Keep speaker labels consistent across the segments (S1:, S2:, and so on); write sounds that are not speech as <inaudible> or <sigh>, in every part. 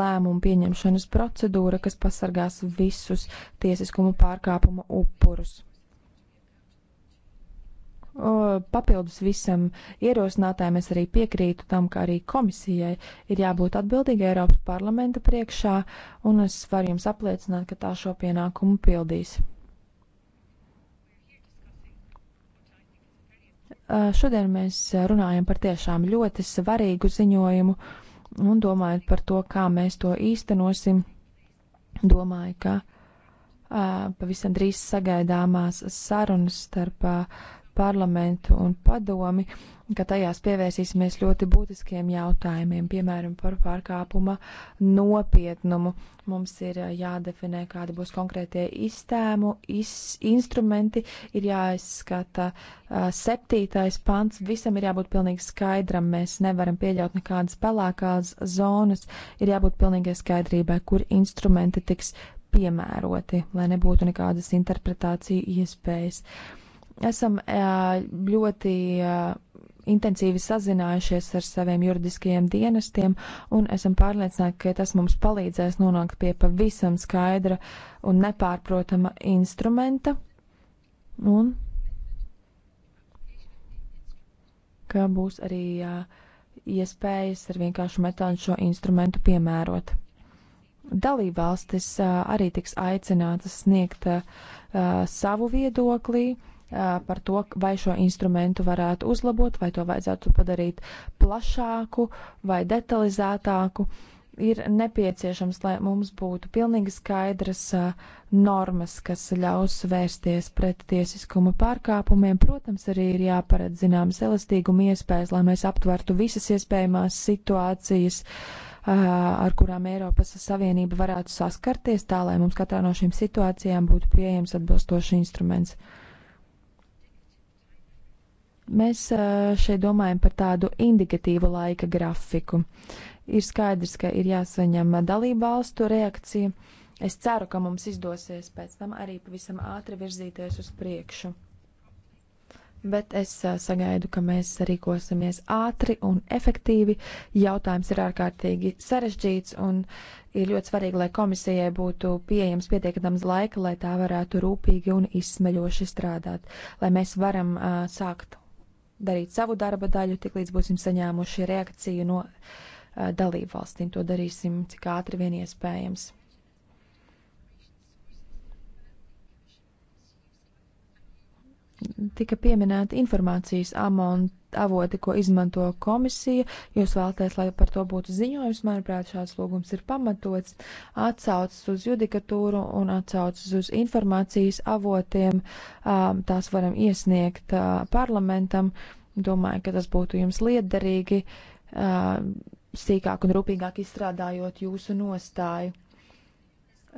S1: lēmumu pieņemšanas procedūra, kas pasargās visus tiesiskumu pārkāpumu upurus. O, papildus visam ierosinātājiem es arī piekrītu tam, ka arī komisijai ir jābūt atbildīgai Eiropas parlamenta priekšā, un es varu jums apliecināt, ka tā šo pienākumu pildīs. Šodien mēs runājam par tiešām ļoti svarīgu ziņojumu. Uh, un domājot par to, kā mēs to īstenosim, domāju, ka uh, pavisam drīz sagaidāmās sarunas starp uh, parlamentu un padomi ka tajās pievērsīsimies ļoti būtiskiem jautājumiem, piemēram, par pārkāpuma nopietnumu. Mums ir jādefinē, kādi būs konkrētie iztēmu, iz, instrumenti, ir jāizskata septītais pants, visam ir jābūt pilnīgi skaidram, mēs nevaram pieļaut nekādas pelēkās zonas, ir jābūt pilnīgai skaidrībai, kur instrumenti tiks piemēroti, lai nebūtu nekādas interpretāciju iespējas esam ļoti intensīvi sazinājušies ar saviem juridiskajiem dienestiem un esam pārliecināti, ka tas mums palīdzēs nonākt pie pavisam skaidra un nepārprotama instrumenta. Un ka būs arī uh, iespējas ar vienkāršu metodu šo instrumentu piemērot. Dalībvalstis uh, arī tiks aicinātas sniegt uh, savu viedoklī, uh, par to, vai šo instrumentu varētu uzlabot, vai to vajadzētu padarīt plašāku vai detalizētāku. Ir nepieciešams, lai mums būtu pilnīgi skaidras normas, kas ļaus vērsties pret tiesiskuma pārkāpumiem. Protams, arī ir jāparedz zināmas elastīguma iespējas, lai mēs aptvertu visas iespējamās situācijas, ar kurām Eiropas Savienība varētu saskarties, tā lai mums katrā no šīm situācijām būtu pieejams atbilstošs instruments. Mēs šeit domājam par tādu indikatīvu laika grafiku. Ir skaidrs, ka ir jāsaņem dalību valstu reakcija. Es ceru, ka mums izdosies pēc tam arī pavisam ātri virzīties uz priekšu. Bet es sagaidu, ka mēs rīkosimies ātri un efektīvi. Jautājums ir ārkārtīgi sarežģīts un ir ļoti svarīgi, lai komisijai būtu pieejams pietiekams laika, lai tā varētu rūpīgi un izsmeļoši strādāt, lai mēs varam uh, sākt darīt savu darba daļu, tiklīdz būsim saņēmuši reakciju no eh, dalību valstīm. To darīsim cik ātri vien iespējams. tika pieminēta informācijas amont, avoti, ko izmanto komisija. Jūs vēlaties, lai par to būtu ziņojums. Manuprāt, šāds lūgums ir pamatots. Atsaucas uz judikatūru un atsaucas uz informācijas avotiem. Tās varam iesniegt parlamentam. Domāju, ka tas būtu jums liederīgi, sīkāk un rūpīgāk izstrādājot jūsu nostāju.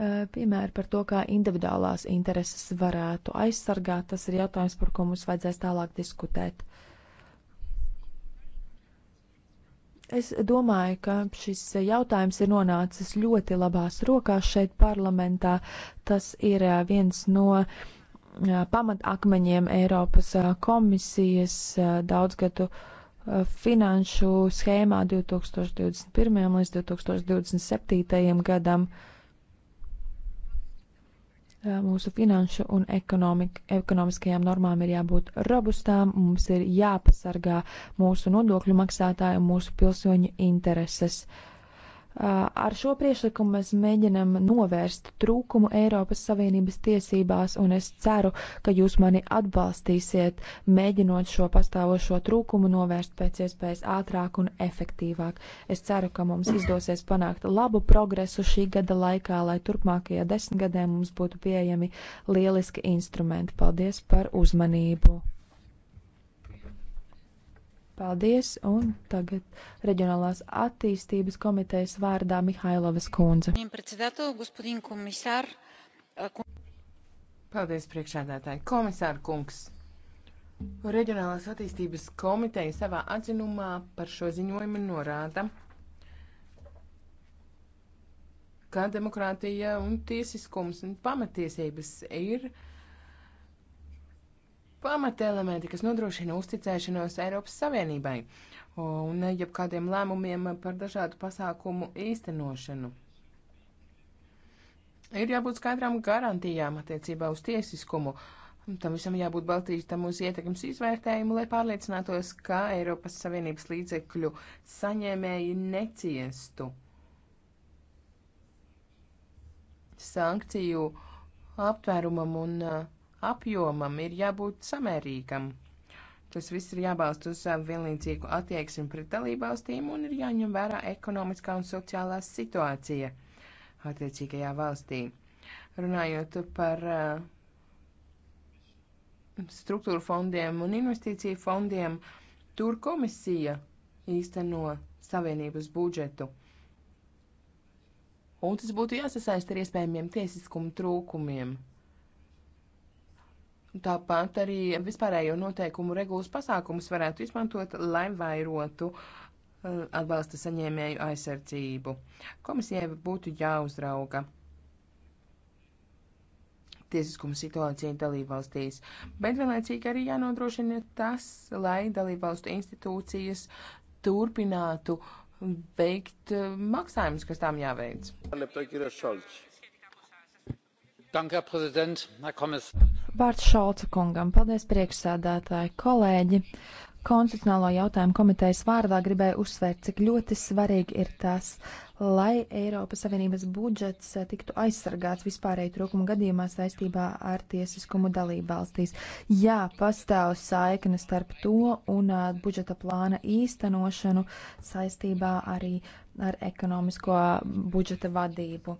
S1: Eh, piemēri par to, kā individuālās intereses varētu aizsargāt. Tas ir jautājums, par ko mums vajadzēs tālāk diskutēt. Es domāju, ka šis jautājums ir nonācis ļoti labās rokās šeit parlamentā. Tas ir eh, viens no eh, pamatakmeņiem Eiropas komisijas daudzgadu finanšu schēmā 2021. līdz 2027. gadam. Eh, mūsu finanšu un ekonomiskajām normām ir jābūt robustām, mums ir jāpasargā mūsu nodokļu maksātāju un mūsu pilsoņu intereses. Uh, Ar šo priekšlikumu mēs mēģinam novērst trūkumu Eiropas Savienības tiesībās, un es ceru, ka jūs mani atbalstīsiet, mēģinot šo pastāvošo trūkumu novērst pēc iespējas ātrāk un efektīvāk. Es ceru, ka mums izdosies panākt labu progresu šī gada laikā, lai turpmākajā desmitgadē mums būtu pieejami lieliski instrumenti. Paldies par uzmanību! Paldies, un tagad Reģionālās attīstības komitejas vārdā Mihailovas
S2: kundze. Paldies, priekšādātāji. Komisāra kungs. Reģionālās attīstības komiteja savā atzinumā par šo ziņojumu norāda, ka demokrātija un tiesiskums un pamatiesības ir pamata elementi, kas nodrošina uzticēšanos Eiropas Savienībai un jebkādiem lēmumiem par dažādu pasākumu īstenošanu. Ir jābūt skaidrām garantijām attiecībā uz tiesiskumu. Tam visam jābūt balstītam uz ietekmes izvērtējumu, lai pārliecinātos, ka Eiropas Savienības līdzekļu saņēmēji neciestu sankciju aptvērumam un uh, apjomam ir jābūt samērīgam. Tas viss ir jābalsta uz vienlīdzīgu attieksmi pret dalībvalstīm un ir jāņem vērā ekonomiskā un sociālā situācija attiecīgajā valstī. Runājot par eh, struktūru fondiem un investīciju fondiem, tur komisija īsteno savienības budžetu. Un tas būtu jāsasaist ar iespējamiem tiesiskumu trūkumiem. Tāpat arī vispārējo noteikumu regulas pasākumus varētu izmantot, lai vairotu uh, atbalsta saņēmēju aizsardzību. Komisijai būtu jāuzrauga tiesiskuma situācija dalībvalstīs, bet vienlaicīgi arī jānodrošina tas, lai dalībvalstu institūcijas turpinātu veikt uh, maksājumus, kas tām jāveic.
S3: Danke, Herr Präsident, Herr Kommissar.
S1: Vārds Šalca kungam. Paldies priekšsēdētāji, kolēģi. Konstitucionālo jautājumu komitejas vārdā gribēju uzsvērt, cik ļoti svarīgi ir tas, lai Eiropas Savienības budžets eh, tiktu aizsargāts vispārēju trūkumu gadījumā saistībā ar tiesiskumu dalību valstīs. Jā, pastāv saikne starp to un uh, budžeta plāna īstenošanu saistībā arī ar ekonomisko budžeta vadību.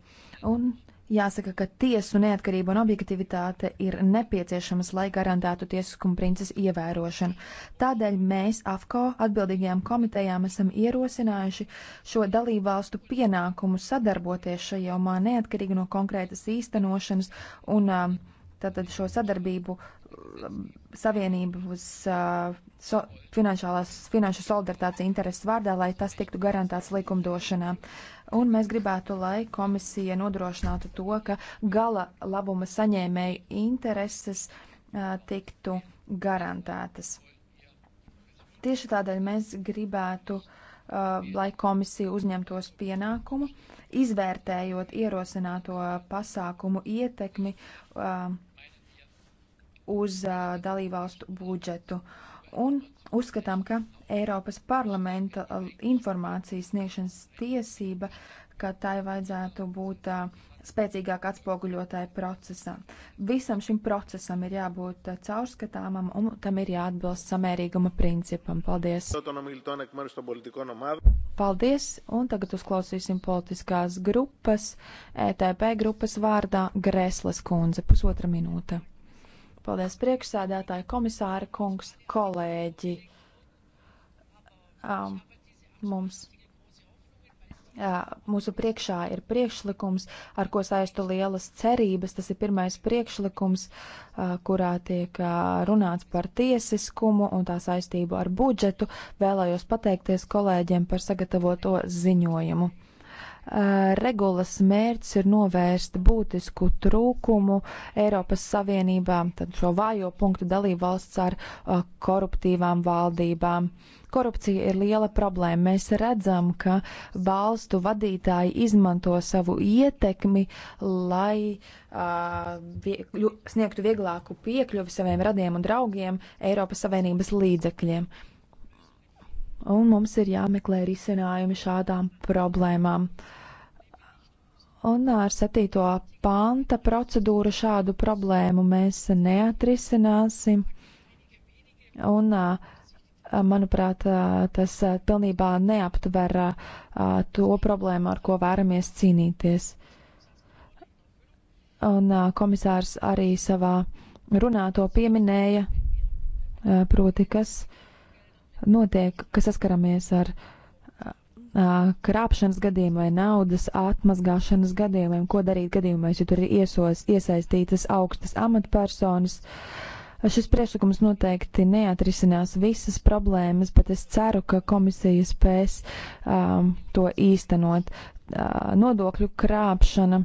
S1: Un Jāsaka, ka tiesu neatkarība un objektivitāte ir nepieciešamas, lai garantētu tiesiskuma princesa ievērošanu. Tādēļ mēs, AFCO, atbildīgajām komitejām, esam ierosinājuši šo dalību valstu pienākumu sadarboties šajā jomā neatkarīgi no konkrētas īstenošanas un uh, tātad šo sadarbību um, savienību uz uh, so, finanšu solidaritātes interesu vārdā, lai tas tiktu garantēts likumdošanā. Un mēs gribētu, lai komisija nodrošinātu to, ka gala labuma saņēmēju intereses uh, tiktu garantētas. Tieši tādēļ mēs gribētu uh, lai komisija uzņemtos pienākumu, izvērtējot ierosināto pasākumu ietekmi uh, uz uh, dalībvalstu budžetu. Un uzskatām, ka Eiropas parlamenta informācijas sniegšanas tiesība, ka tai vajadzētu būt uh, spēcīgāk atspoguļotāji procesā. Visam šim procesam ir jābūt uh, caurskatāmam un tam ir jāatbilst samērīguma principam. Paldies! Paldies! Un tagad uzklausīsim politiskās grupas, ETP grupas vārdā Greslas kundze. Pusotra minūte. Paldies priekšsēdētāji, komisāra kungs, kolēģi. Um, mums, uh, mūsu priekšā ir priekšlikums, ar ko saistu lielas cerības. Tas ir pirmais priekšlikums, uh, kurā tiek uh, runāts par tiesiskumu un tā saistību ar budžetu. Vēlējos pateikties kolēģiem par sagatavoto ziņojumu. Eh, regulas mērķis ir novērst būtisku trūkumu Eiropas Savienībā, tad šo vājo punktu dalību valsts ar eh, koruptīvām valdībām. Korupcija ir liela problēma. Mēs redzam, ka valstu vadītāji izmanto savu ietekmi, lai uh, vie, sniegtu vieglāku piekļuvi saviem radiem un draugiem Eiropas Savienības līdzekļiem. Uh, un mums ir jāmeklē risinājumi šādām problēmām. Un ar 7. panta procedūru šādu problēmu mēs neatrisināsim. Un, manuprāt, tas pilnībā neaptver to problēmu, ar ko vēramies cīnīties. Un komisārs arī savā runā to pieminēja, proti, kas uh, notiek, ka saskaramies ar krāpšanas gadījumiem vai naudas atmazgāšanas gadījumiem, ko darīt gadījumos, ja tur ir iesos, iesaistītas augstas amatpersonas. Šis priekšlikums noteikti neatrisinās visas problēmas, bet es ceru, ka komisija spēs um, to īstenot. Uh, nodokļu krāpšana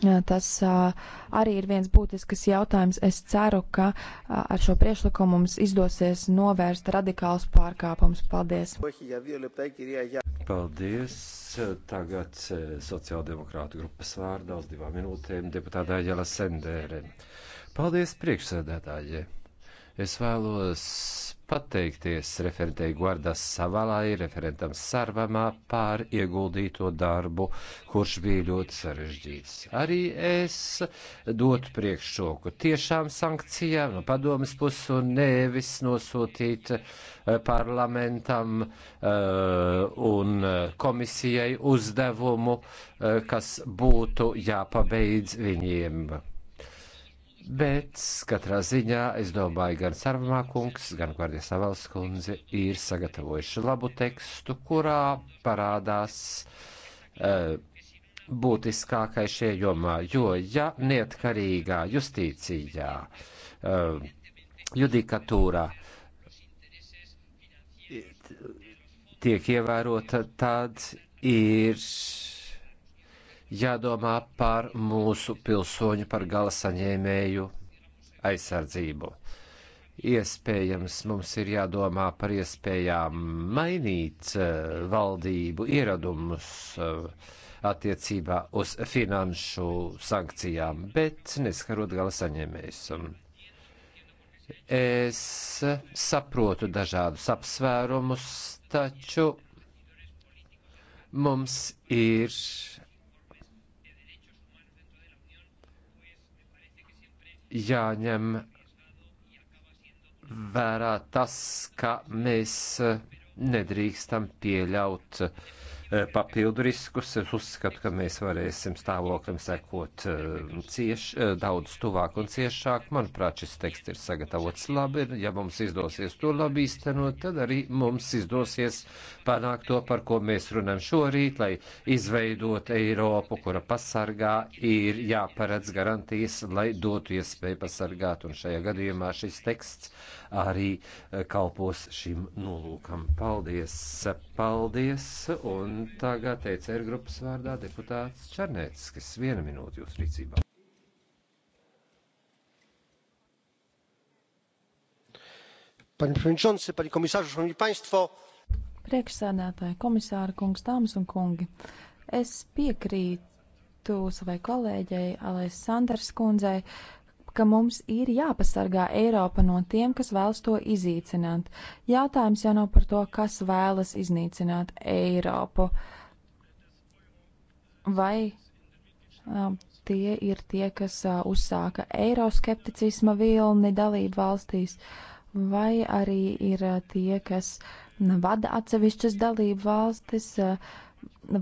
S1: Tas arī ir viens būtisks jautājums. Es ceru, ka ar šo priekšlikumu mums izdosies novērst radikālus pārkāpumus. Paldies!
S3: Paldies! Tagad sociāldemokrātu grupas vārdā uz divām minūtēm deputātā Jela Sendere. Paldies priekšsēdētājai! Es vēlos pateikties referentei Guardas Savalai, referentam Sarvamā par ieguldīto darbu, kurš bija ļoti sarežģīts. Arī es dotu priekšroku tiešām sankcijām no padomas puses un nevis nosūtīt eh, parlamentam eh, un eh, komisijai uzdevumu, kas būtu jāpabeidz viņiem Bet katrā ziņā, es domāju, gan Sarvamā kungs, gan Gvardija Savals kundze ir sagatavojuši labu tekstu, kurā parādās uh, eh, būtiskākais šajā jomā, jo ja neatkarīgā justīcijā, uh, judikatūrā tiek ievērota, tad ir jādomā par mūsu pilsoņu, par gala saņēmēju aizsardzību. Iespējams, mums ir jādomā par iespējām mainīt eh, valdību ieradumus eh, attiecībā uz finanšu sankcijām, bet neskarot gala saņēmējus. Es saprotu dažādus apsvērumus, taču mums ir jāņem vērā tas, ka mēs nedrīkstam pieļaut uh, Eh, papildu riskus. Es uzskatu, ka mēs varēsim stāvoklim sekot eh, cieš, eh, daudz tuvāk un ciešāk. Manuprāt, šis teksts ir sagatavots labi. Ja mums izdosies to labi īstenot, tad arī mums izdosies panākt to, par ko mēs runājam šorīt, lai izveidot Eiropu, kura pasargā ir jāparedz garantijas, lai dotu iespēju pasargāt. Un šajā gadījumā šis teksts arī eh, kalpos šim nolūkam. Paldies! Paldies! Un tagad teica ir grupas vārdā deputāts Čarnēckis. Viena minūte jūsu rīcībā. Panie Przewodniczący, Panie Komisarzu, Szanowni Państwo!
S1: Priekšsēdētāji, komisāri, kungs, dāmas un kungi, es piekrītu savai kolēģei Alēs Sanders kundzei ka mums ir jāpasargā Eiropa no tiem, kas vēlas to iznīcināt. Jātājums jau nav par to, kas vēlas iznīcināt Eiropu. Vai um, tie ir tie, kas uh, uzsāka eiroskepticisma vilni dalību valstīs, vai arī ir uh, tie, kas vada atsevišķas dalību valstis, uh,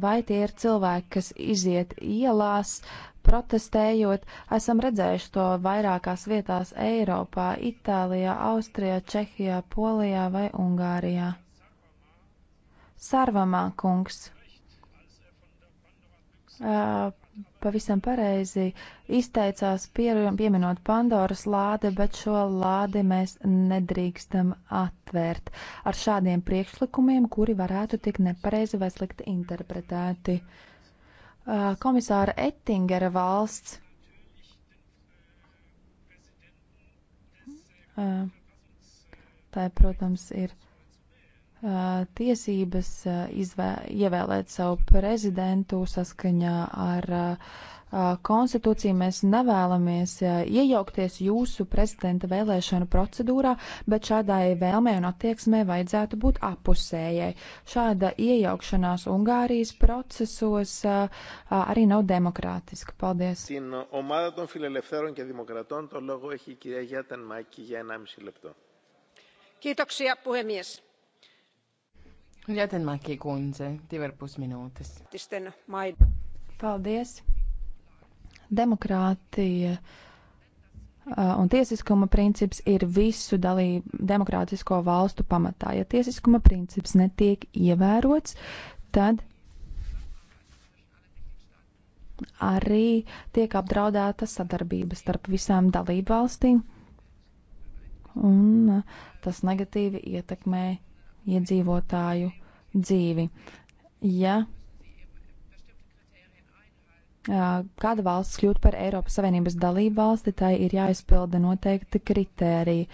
S1: vai tie ir cilvēki, kas iziet ielās, uh, protestējot, esam redzējuši to vairākās vietās Eiropā - Itālijā, Austrijā, Čehijā, Polijā vai Ungārijā. Sarvamā kungs. Uh, pavisam pareizi izteicās pieminot Pandoras lādi, bet šo lādi mēs nedrīkstam atvērt ar šādiem priekšlikumiem, kuri varētu tik nepareizi vai slikti interpretēti. Uh, Uh, komisāra Ettingera valsts uh, tā, protams, ir uh, tiesības izvē, ievēlēt savu prezidentu saskaņā ar uh, konstitūciju mēs nevēlamies iejaukties jūsu prezidenta vēlēšanu procedūrā, bet šādai vēlmē un attieksmē vajadzētu būt apusējai. Šāda iejaukšanās Ungārijas procesos arī nav demokrātiska. Paldies!
S4: Kiitoksia puhemies.
S2: Jätenmäki kundze, divi ar pus minūtes. Paldies!
S1: demokrātija un tiesiskuma princips ir visu dalību demokrātisko valstu pamatā. Ja tiesiskuma princips netiek ievērots, tad arī tiek apdraudēta sadarbība starp visām dalību valstīm, un tas negatīvi ietekmē iedzīvotāju dzīvi. Ja kāda valsts kļūt par Eiropas Savienības dalību valsti, tai ir jāizpilda noteikti kritēriji.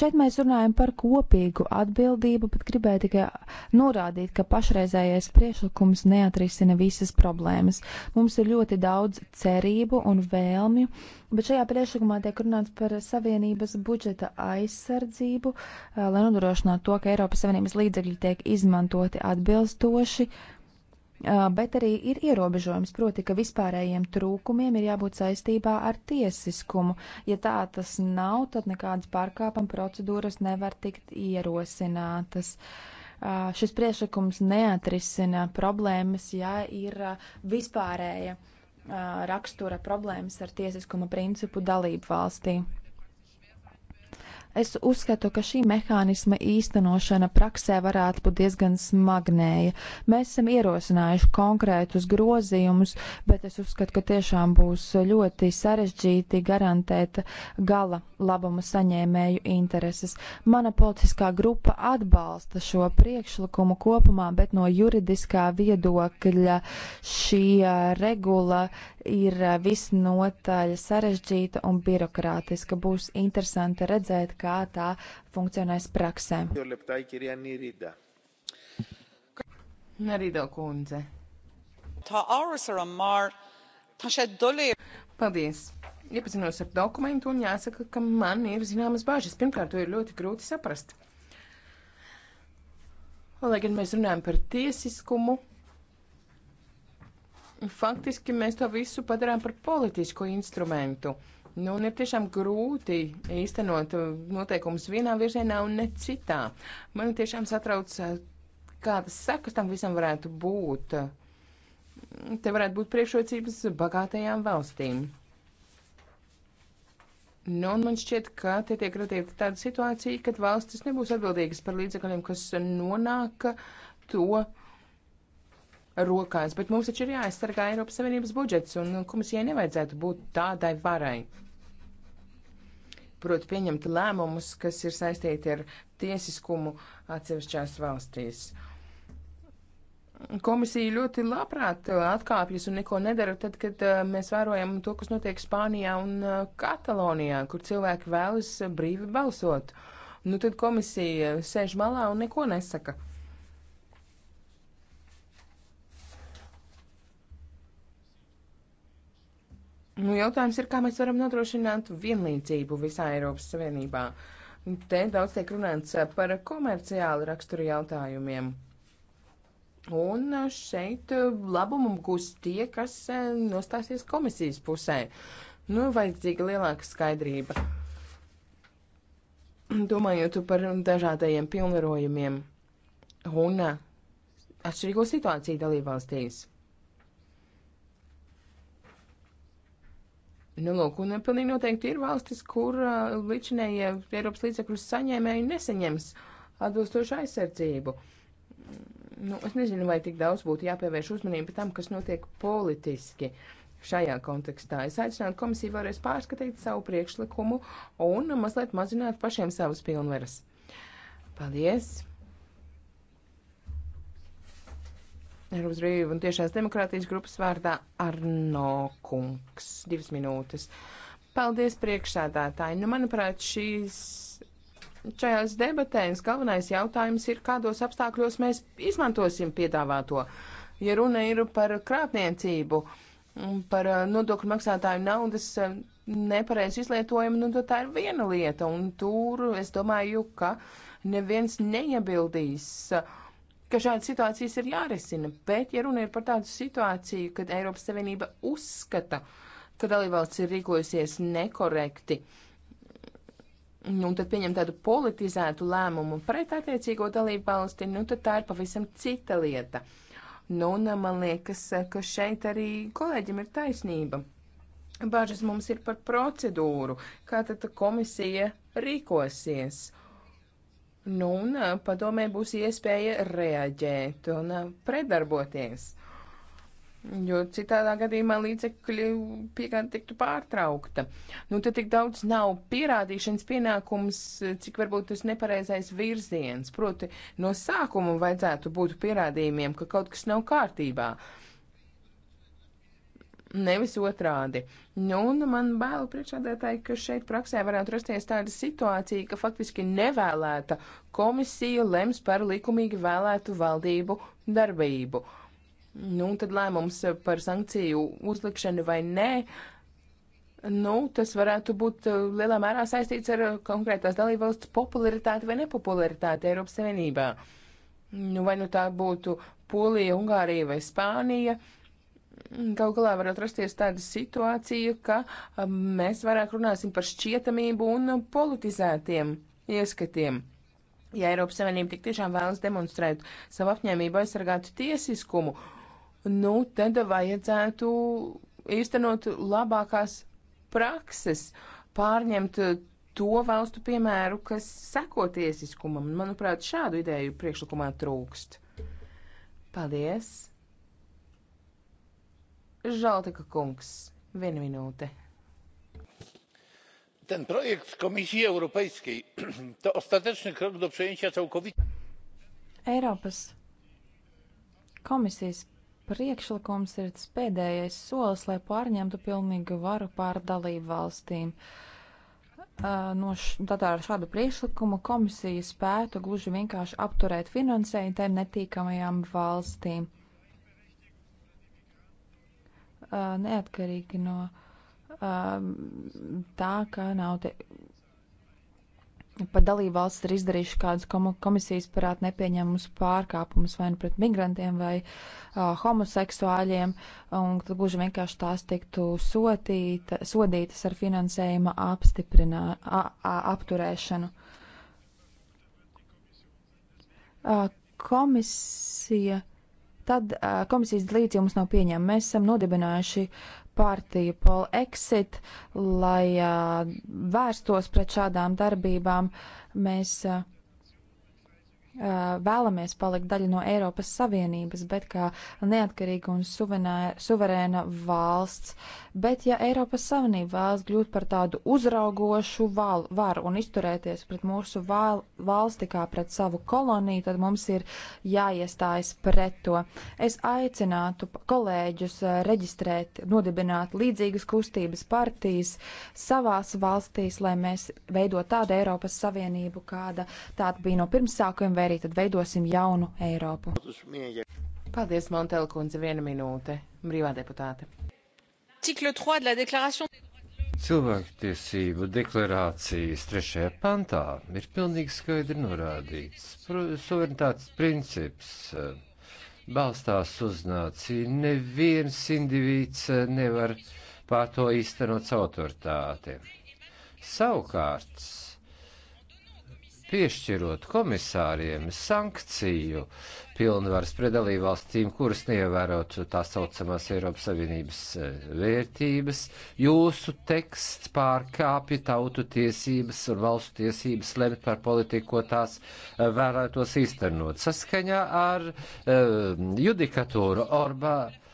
S1: Šeit mēs runājam par kopīgu atbildību, bet gribēju tikai norādīt, ka pašreizējais priešlikums neatrisina visas problēmas. Mums ir ļoti daudz cerību un vēlmju, bet šajā priešlikumā tiek runāts par Savienības budžeta aizsardzību, lai nodrošinātu to, ka Eiropas Savienības līdzekļi tiek izmantoti atbilstoši bet arī ir ierobežojums, proti, ka vispārējiem trūkumiem ir jābūt saistībā ar tiesiskumu. Ja tā tas nav, tad nekādas pārkāpuma procedūras nevar tikt ierosinātas. Šis priešlikums neatrisina problēmas, ja ir vispārēja rakstura problēmas ar tiesiskuma principu dalību valstī. Es uzskatu, ka šī mehānisma īstenošana praksē varētu būt diezgan smagnēja. Mēs esam ierosinājuši konkrētus grozījumus, bet es uzskatu, ka tiešām būs ļoti sarežģīti garantēt gala labuma saņēmēju intereses. Mana politiskā grupa atbalsta šo priekšlikumu kopumā, bet no juridiskā viedokļa šī regula ir visnotaļ sarežģīta un birokrātiska. Būs interesanti redzēt, kā tā funkcionēs praksē.
S2: Nerida kundze. Tā ārasara mār, tā šeit dolīja. Paldies. Iepazinos ar dokumentu un jāsaka, ka man ir zināmas bāžas. Pirmkārt, to ir ļoti grūti saprast. Lai gan mēs runājam par tiesiskumu, faktiski mēs to visu padarām par politisko instrumentu. Nu, un ir tiešām grūti īstenot uh, noteikumus vienā virzienā un ne citā. Man tiešām satrauc, uh, kādas sekas tam visam varētu būt. Te varētu būt priekšrocības bagātajām valstīm. Nu, un man šķiet, ka te tiek radīta tāda situācija, kad valstis nebūs atbildīgas par līdzekļiem, kas nonāk to rokās, bet mums taču ir jāaizsargā Eiropas Savienības budžets, un komisijai nevajadzētu būt tādai varai. Proti pieņemt lēmumus, kas ir saistīti ar tiesiskumu atsevišķās valstīs. Komisija ļoti labprāt atkāpjas un neko nedara tad, kad uh, mēs vērojam to, kas notiek Spānijā un uh, Katalonijā, kur cilvēki vēlas brīvi balsot. Nu tad komisija sēž malā un neko nesaka. Nu, jautājums ir, kā mēs varam nodrošināt vienlīdzību visā Eiropas Savienībā. Te daudz tiek runāts eh, par komerciālu raksturu jautājumiem. Un eh, šeit eh, labumu gūs tie, kas nostāsies komisijas pusē. Nu, vajadzīga lielāka skaidrība. Domājot par dažādajiem pilnvarojumiem un atšķirīgo situāciju dalībvalstīs. Nu, lūk, un pilnīgi noteikti ir valstis, kur uh, līdšanējie Eiropas līdzekļus saņēmēji nesaņems atbilstošu aizsardzību. Nu, es nezinu, vai tik daudz būtu jāpievērš uzmanība tam, kas notiek politiski šajā kontekstā. Es aicinātu komisiju vēlreiz pārskatīt savu priekšlikumu un mazliet mazināt pašiem savas pilnveras. Paldies! Eiropas brīvība un tiešās demokrātijas grupas vārdā Arno Kungs. Divas minūtes. Paldies priekšsēdētāji. Nu, manuprāt, šīs, šajās debatēs galvenais jautājums ir, kādos apstākļos mēs izmantosim piedāvāto. Ja runa ir par krāpniecību, par eh, nodokļu maksātāju naudas eh, nepareizu izlietojumu, nu, tā ir viena lieta. Un tur es domāju, ka neviens neiebildīs. Uh, ka šādas situācijas ir jārisina, bet, ja runa ir par tādu situāciju, kad Eiropas Savienība uzskata, ka dalībvalsts ir rīkojusies nekorekti, nu, tad pieņem tādu politizētu lēmumu pret attiecīgo dalībvalsti, nu, tad tā ir pavisam cita lieta. Nu, un uh, man liekas, uh, ka šeit arī kolēģim ir taisnība. Bāžas mums ir par procedūru, kā tad komisija rīkosies. Nu, un padomē būs iespēja reaģēt un predarboties. Jo citādā gadījumā līdzekļu piegāde tiktu pārtraukta. Nu, tad tik daudz nav pierādīšanas pienākums, cik varbūt tas nepareizais virziens. Proti, no sākuma vajadzētu būt pierādījumiem, ka kaut kas nav kārtībā. Uh, nevis otrādi. Nu, un man bail priekšādētāji, ka šeit praksē varētu rasties tāda situācija, ka faktiski nevēlēta komisija lems par likumīgi vēlētu valdību darbību. Nu, tad lēmums par sankciju uzlikšanu vai nē, nu, tas varētu būt uh, lielā mērā saistīts ar uh, konkrētās dalībvalsts popularitāti vai nepopularitāti Eiropas Savienībā. Nu, vai nu tā būtu Polija, Ungārija vai Spānija. Uh, Galu galā var atrasties tāda situācija, ka um, mēs vairāk runāsim par šķietamību un politizētiem ieskatiem. Ja Eiropas Savienība tik tiešām vēlas demonstrēt savu apņēmību aizsargāt tiesiskumu, nu tad vajadzētu īstenot labākās prakses, pārņemt to valstu piemēru, kas seko tiesiskumam. Manuprāt, šādu ideju priekšlikumā trūkst. Paldies! Žaltika kungs, viena minūte.
S3: Ten projekt Komisija Europejskiej <clears throat> to ostateczny krok do przejęcia całkowitego.
S2: Eiropas
S1: komisijas priekšlikums ir tas pēdējais solis, lai pārņemtu pilnīgu varu pār dalību valstīm. No ar šādu priekšlikumu komisija spētu gluži vienkārši apturēt finansējumu tiem netīkamajām valstīm. Uh, neatkarīgi no um, tā, ka nav te. Pat dalībvalstis ir izdarījuši kādus komisijas parādu nepieņemumus pārkāpumus vai nu pret migrantiem vai uh, homoseksuāļiem, un tad gluži vienkārši tās tiktu sotīta, sodītas ar finansējuma apstiprinā, a, a, apturēšanu. Uh, komisija tad uh, komisijas līdzi mums nav pieņēma. Mēs esam nodibinājuši partiju Pol Exit, lai uh, vērstos pret šādām darbībām. Mēs uh, vēlamies palikt daļa no Eiropas Savienības, bet kā neatkarīga un suvenē, suverēna valsts. Bet ja Eiropas Savienība vēlas kļūt par tādu uzraugošu val, varu un izturēties pret mūsu val, valsti kā pret savu koloniju, tad mums ir jāiestājas pret to. Es aicinātu kolēģus reģistrēt, nodibināt līdzīgas kustības partijas savās valstīs, lai mēs veidot tādu Eiropas Savienību, kāda tāda bija no pirmsākuma vai arī tad veidosim jaunu
S2: Eiropu. Paldies, Montela kundze, viena minūte, brīvā deputāte.
S3: Cilvēktiesību deklarācijas trešajā pantā ir pilnīgi skaidri norādīts. Suverenitātes princips eh, balstās uz nāciju. Neviens indivīds eh, nevar pār to īstenot autoritāti. Savukārt, piešķirot komisāriem sankciju pilnvaras predalību valstīm, kuras neievērotu tā saucamās Eiropas Savienības e, vērtības, jūsu teksts pārkāpja tautu tiesības un valstu tiesības lemt par politiku, ko tās e, vēlētos īstenot. Saskaņā ar uh, judikatūru Orbānu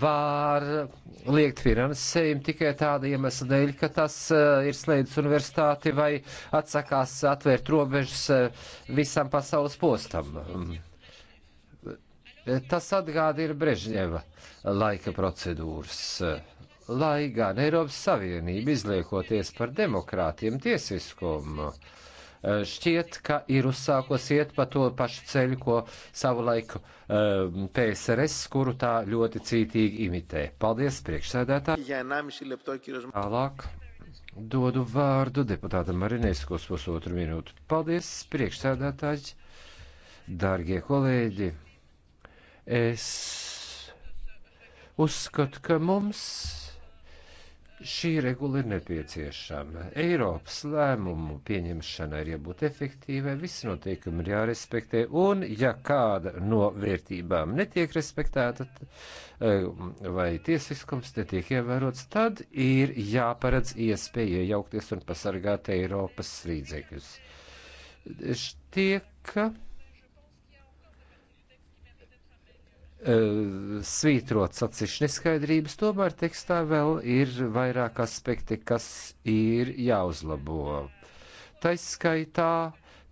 S3: var liekt finansējumu tikai tāda iemesla dēļ, ka tas eh, ir slēdzis universitāti vai atsakās atvērt robežas eh, visam pasaules postam. Mm. Tas atgādina Brežņeva laika procedūras. Lai gan Eiropas Savienība izliekoties par demokrātiem tiesiskumu, uh, Eh, šķiet, ka ir uzsākos iet pa to pašu ceļu, ko savu laiku eh, PSRS, kuru tā ļoti cītīgi imitē. Paldies, priekšsēdētāji! Tālāk dodu vārdu deputātam Marinēskos pusotru minūtu. Paldies, priekšsēdētāji, dārgie kolēģi! Es uzskatu, ka mums šī regula ir nepieciešama. Eiropas lēmumu pieņemšana ir jābūt efektīvai, visi noteikumi ir jārespektē, un ja kāda no vērtībām netiek respektēta e, vai tiesiskums netiek ievērots, tad ir jāparedz iespēja iejaukties un pasargāt Eiropas līdzekļus. Tiek Eh, svītrot atsevišķi neskaidrības, tomēr tekstā vēl ir vairāk aspekti, kas ir jāuzlabo. Taiskaitā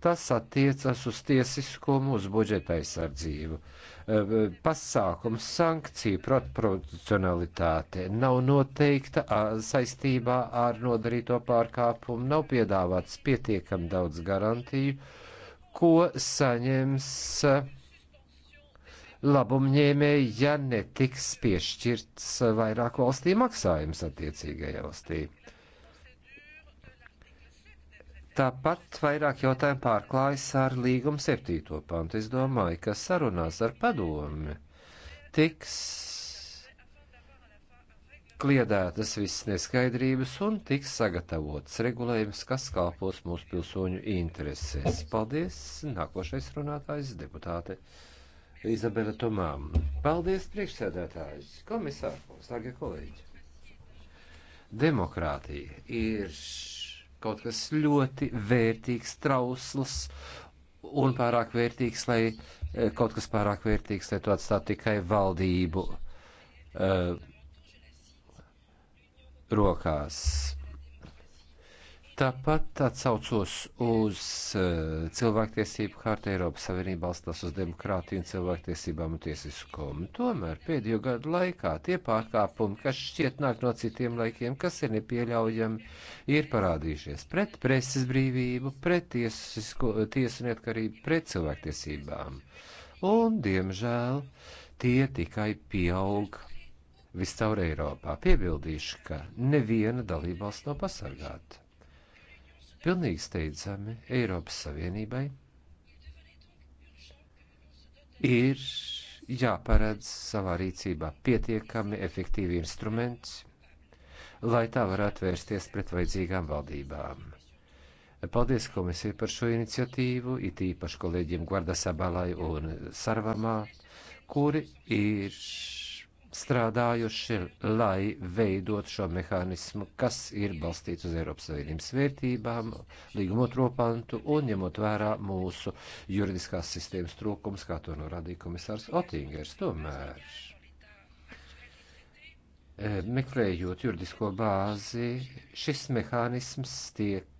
S3: tas attiecas uz tiesiskumu, uz budžeta aizsardzību. Eh, pasākums sankciju proporcionalitāte nav noteikta saistībā ar nodarīto pārkāpumu, nav piedāvāts pietiekam daudz garantiju, ko saņems uh, labumņēmēji, ja netiks piešķirts vairāk valstī maksājums attiecīgajā valstī. Tāpat vairāk jautājumu pārklājas ar līgumu 7. pantu. Es domāju, ka sarunās ar padomi tiks kliedētas visas neskaidrības un tiks sagatavots regulējums, kas kalpos mūsu pilsoņu interesēs. Paldies! Nākošais runātājs deputāte Izabela Tomām. Paldies, priekšsēdētājs, komisārs, dārgie kolēģi. Demokrātija ir kaut kas ļoti vērtīgs, trausls un pārāk vērtīgs, lai eh, kaut kas pārāk vērtīgs, lai to atstātu tikai valdību uh, rokās. Tāpat atsaucos uz uh, cilvēktiesību hārtu Eiropas Savienībā balstās uz demokrātiju un cilvēktiesībām un tiesiskumu. Tomēr pēdējo gadu laikā tie pārkāpumi, kas šķiet nāk no citiem laikiem, kas ir nepieļaujami, ir parādījušies pret preses brīvību, pret tiesisku, tiesu neatkarību, pret cilvēktiesībām. Un, diemžēl, tie tikai pieaug viscaur Eiropā. Piebildīšu, ka neviena dalībvalsts nav pasargāta pilnīgi steidzami Eiropas Savienībai ir jāparedz savā rīcībā pietiekami efektīvi instruments, lai tā varētu vērsties pret vajadzīgām valdībām. Paldies komisijai par šo iniciatīvu, it īpaši kolēģiem Guarda Sabalai un Sarvamā, kuri ir strādājuši, lai veidot šo mehānismu, kas ir balstīts uz Eiropas Savienības vērtībām, līguma otro pantu un ņemot vērā mūsu juridiskās sistēmas trūkums, kā to norādīja komisārs Otingers. Tomēr, eh, meklējot juridisko bāzi, šis mehānisms tiek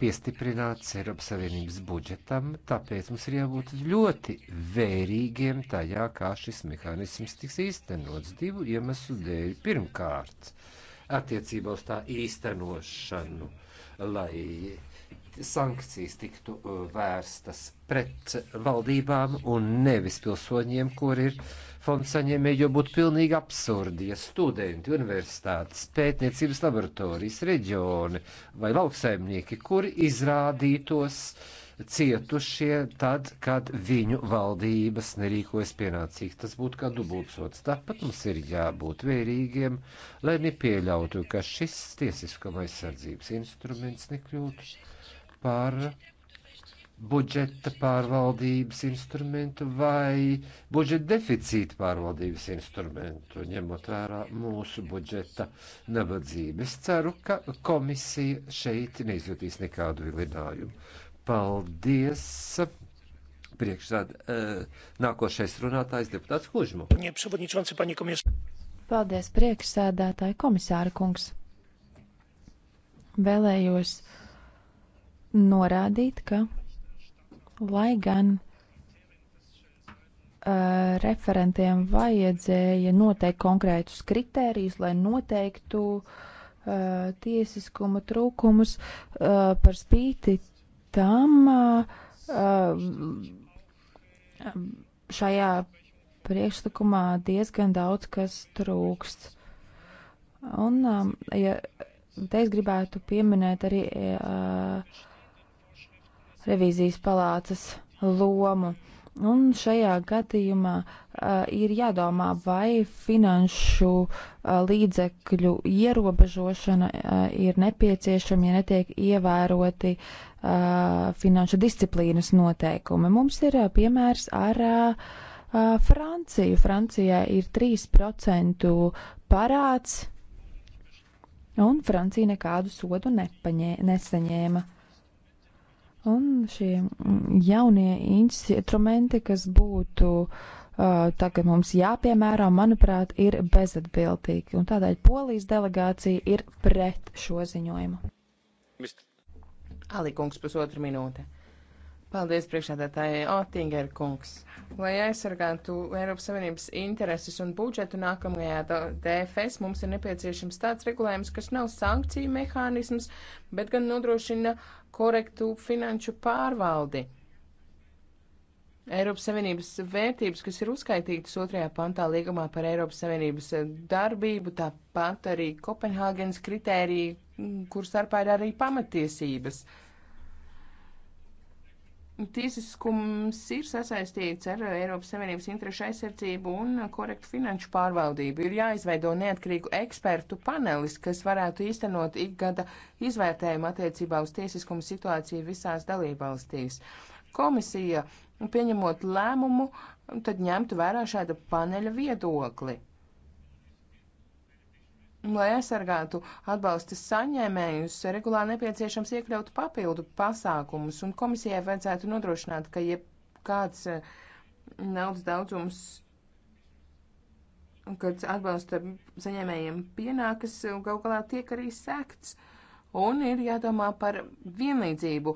S3: piestiprināts Eiropas Savienības budžetam, tāpēc mums ir jābūt ļoti vērīgiem tajā, kā šis mehānisms tiks īstenots divu iemeslu dēļ. Pirmkārt, attiecībā uz tā īstenošanu, lai sankcijas tiktu uh, vērstas pret valdībām un nevis pilsoņiem, kur ir fonda saņēmēji, jo būtu pilnīgi absurdi, ja studenti, universitātes, pētniecības laboratorijas, reģioni vai lauksaimnieki, kuri izrādītos cietušie tad, kad viņu valdības nerīkojas pienācīgi. Tas būtu kā dubultsots. Tāpat mums ir jābūt vērīgiem, lai nepieļautu, ka šis tiesiskuma aizsardzības instruments nekļūtu par budžeta pārvaldības instrumentu vai budžeta deficīta pārvaldības instrumentu, ņemot vērā mūsu budžeta nabadzību. Es ceru, ka komisija šeit neizjutīs nekādu vilinājumu. Paldies! Priekšsād, eh, nākošais runātājs deputāts Hužmo.
S1: Paldies, priekšsēdētāji komisāra kungs. Vēlējos norādīt, ka lai gan uh, referentiem vajadzēja noteikt konkrētus kritērijus, lai noteiktu uh, tiesiskuma trūkumus uh, par spīti tam šajā priekšlikumā diezgan daudz kas trūkst. Un, ja te es gribētu pieminēt arī uh, revīzijas palātas lomu. Un šajā gadījumā uh, ir jādomā, vai finanšu uh, līdzekļu ierobežošana uh, ir nepieciešama, ja netiek ievēroti uh, finanšu disciplīnas noteikumi. Mums ir uh, piemērs ar uh, Franciju. Francijai ir 3% parāds, un Francija nekādu sodu nepaņē, nesaņēma. Un šie mm, jaunie instrumenti, kas būtu uh, tagad mums jāpiemērā, manuprāt, ir bezatbildīgi. Un tādēļ polijas delegācija ir pret šo ziņojumu.
S2: Mist. Alikungs pusotru minūte. Paldies, priekšādātāji Otinger kungs. Lai aizsargātu Eiropas Savienības intereses un budžetu nākamajā DFS, mums ir nepieciešams tāds regulējums, kas nav sankciju mehānisms, bet gan nodrošina korektu finanšu pārvaldi. Eiropas Savienības vērtības, kas ir uzskaitītas otrajā pantā līgumā par Eiropas Savienības darbību, tāpat arī Kopenhāgenes kritērija, kur starpā ir arī pamatiesības. Uh, Tiesiskums ir sasaistīts ar Eiropas Savienības interešu aizsardzību un korektu finanšu pārvaldību. Ir jāizveido neatkarīgu ekspertu panelis, kas varētu īstenot ikgada izvērtējumu attiecībā uz tiesiskumu situāciju visās dalībvalstīs. Komisija, pieņemot lēmumu, tad ņemtu vērā šāda paneļa viedokli. Lai aizsargātu atbalsta saņēmējus, regulāri nepieciešams iekļaut papildu pasākumus, un komisijai vajadzētu nodrošināt, ka jebkāds eh, naudas daudzums, kad atbalsta saņēmējiem pienākas, gal galā tiek arī sekts. Un ir jādomā par vienlīdzību,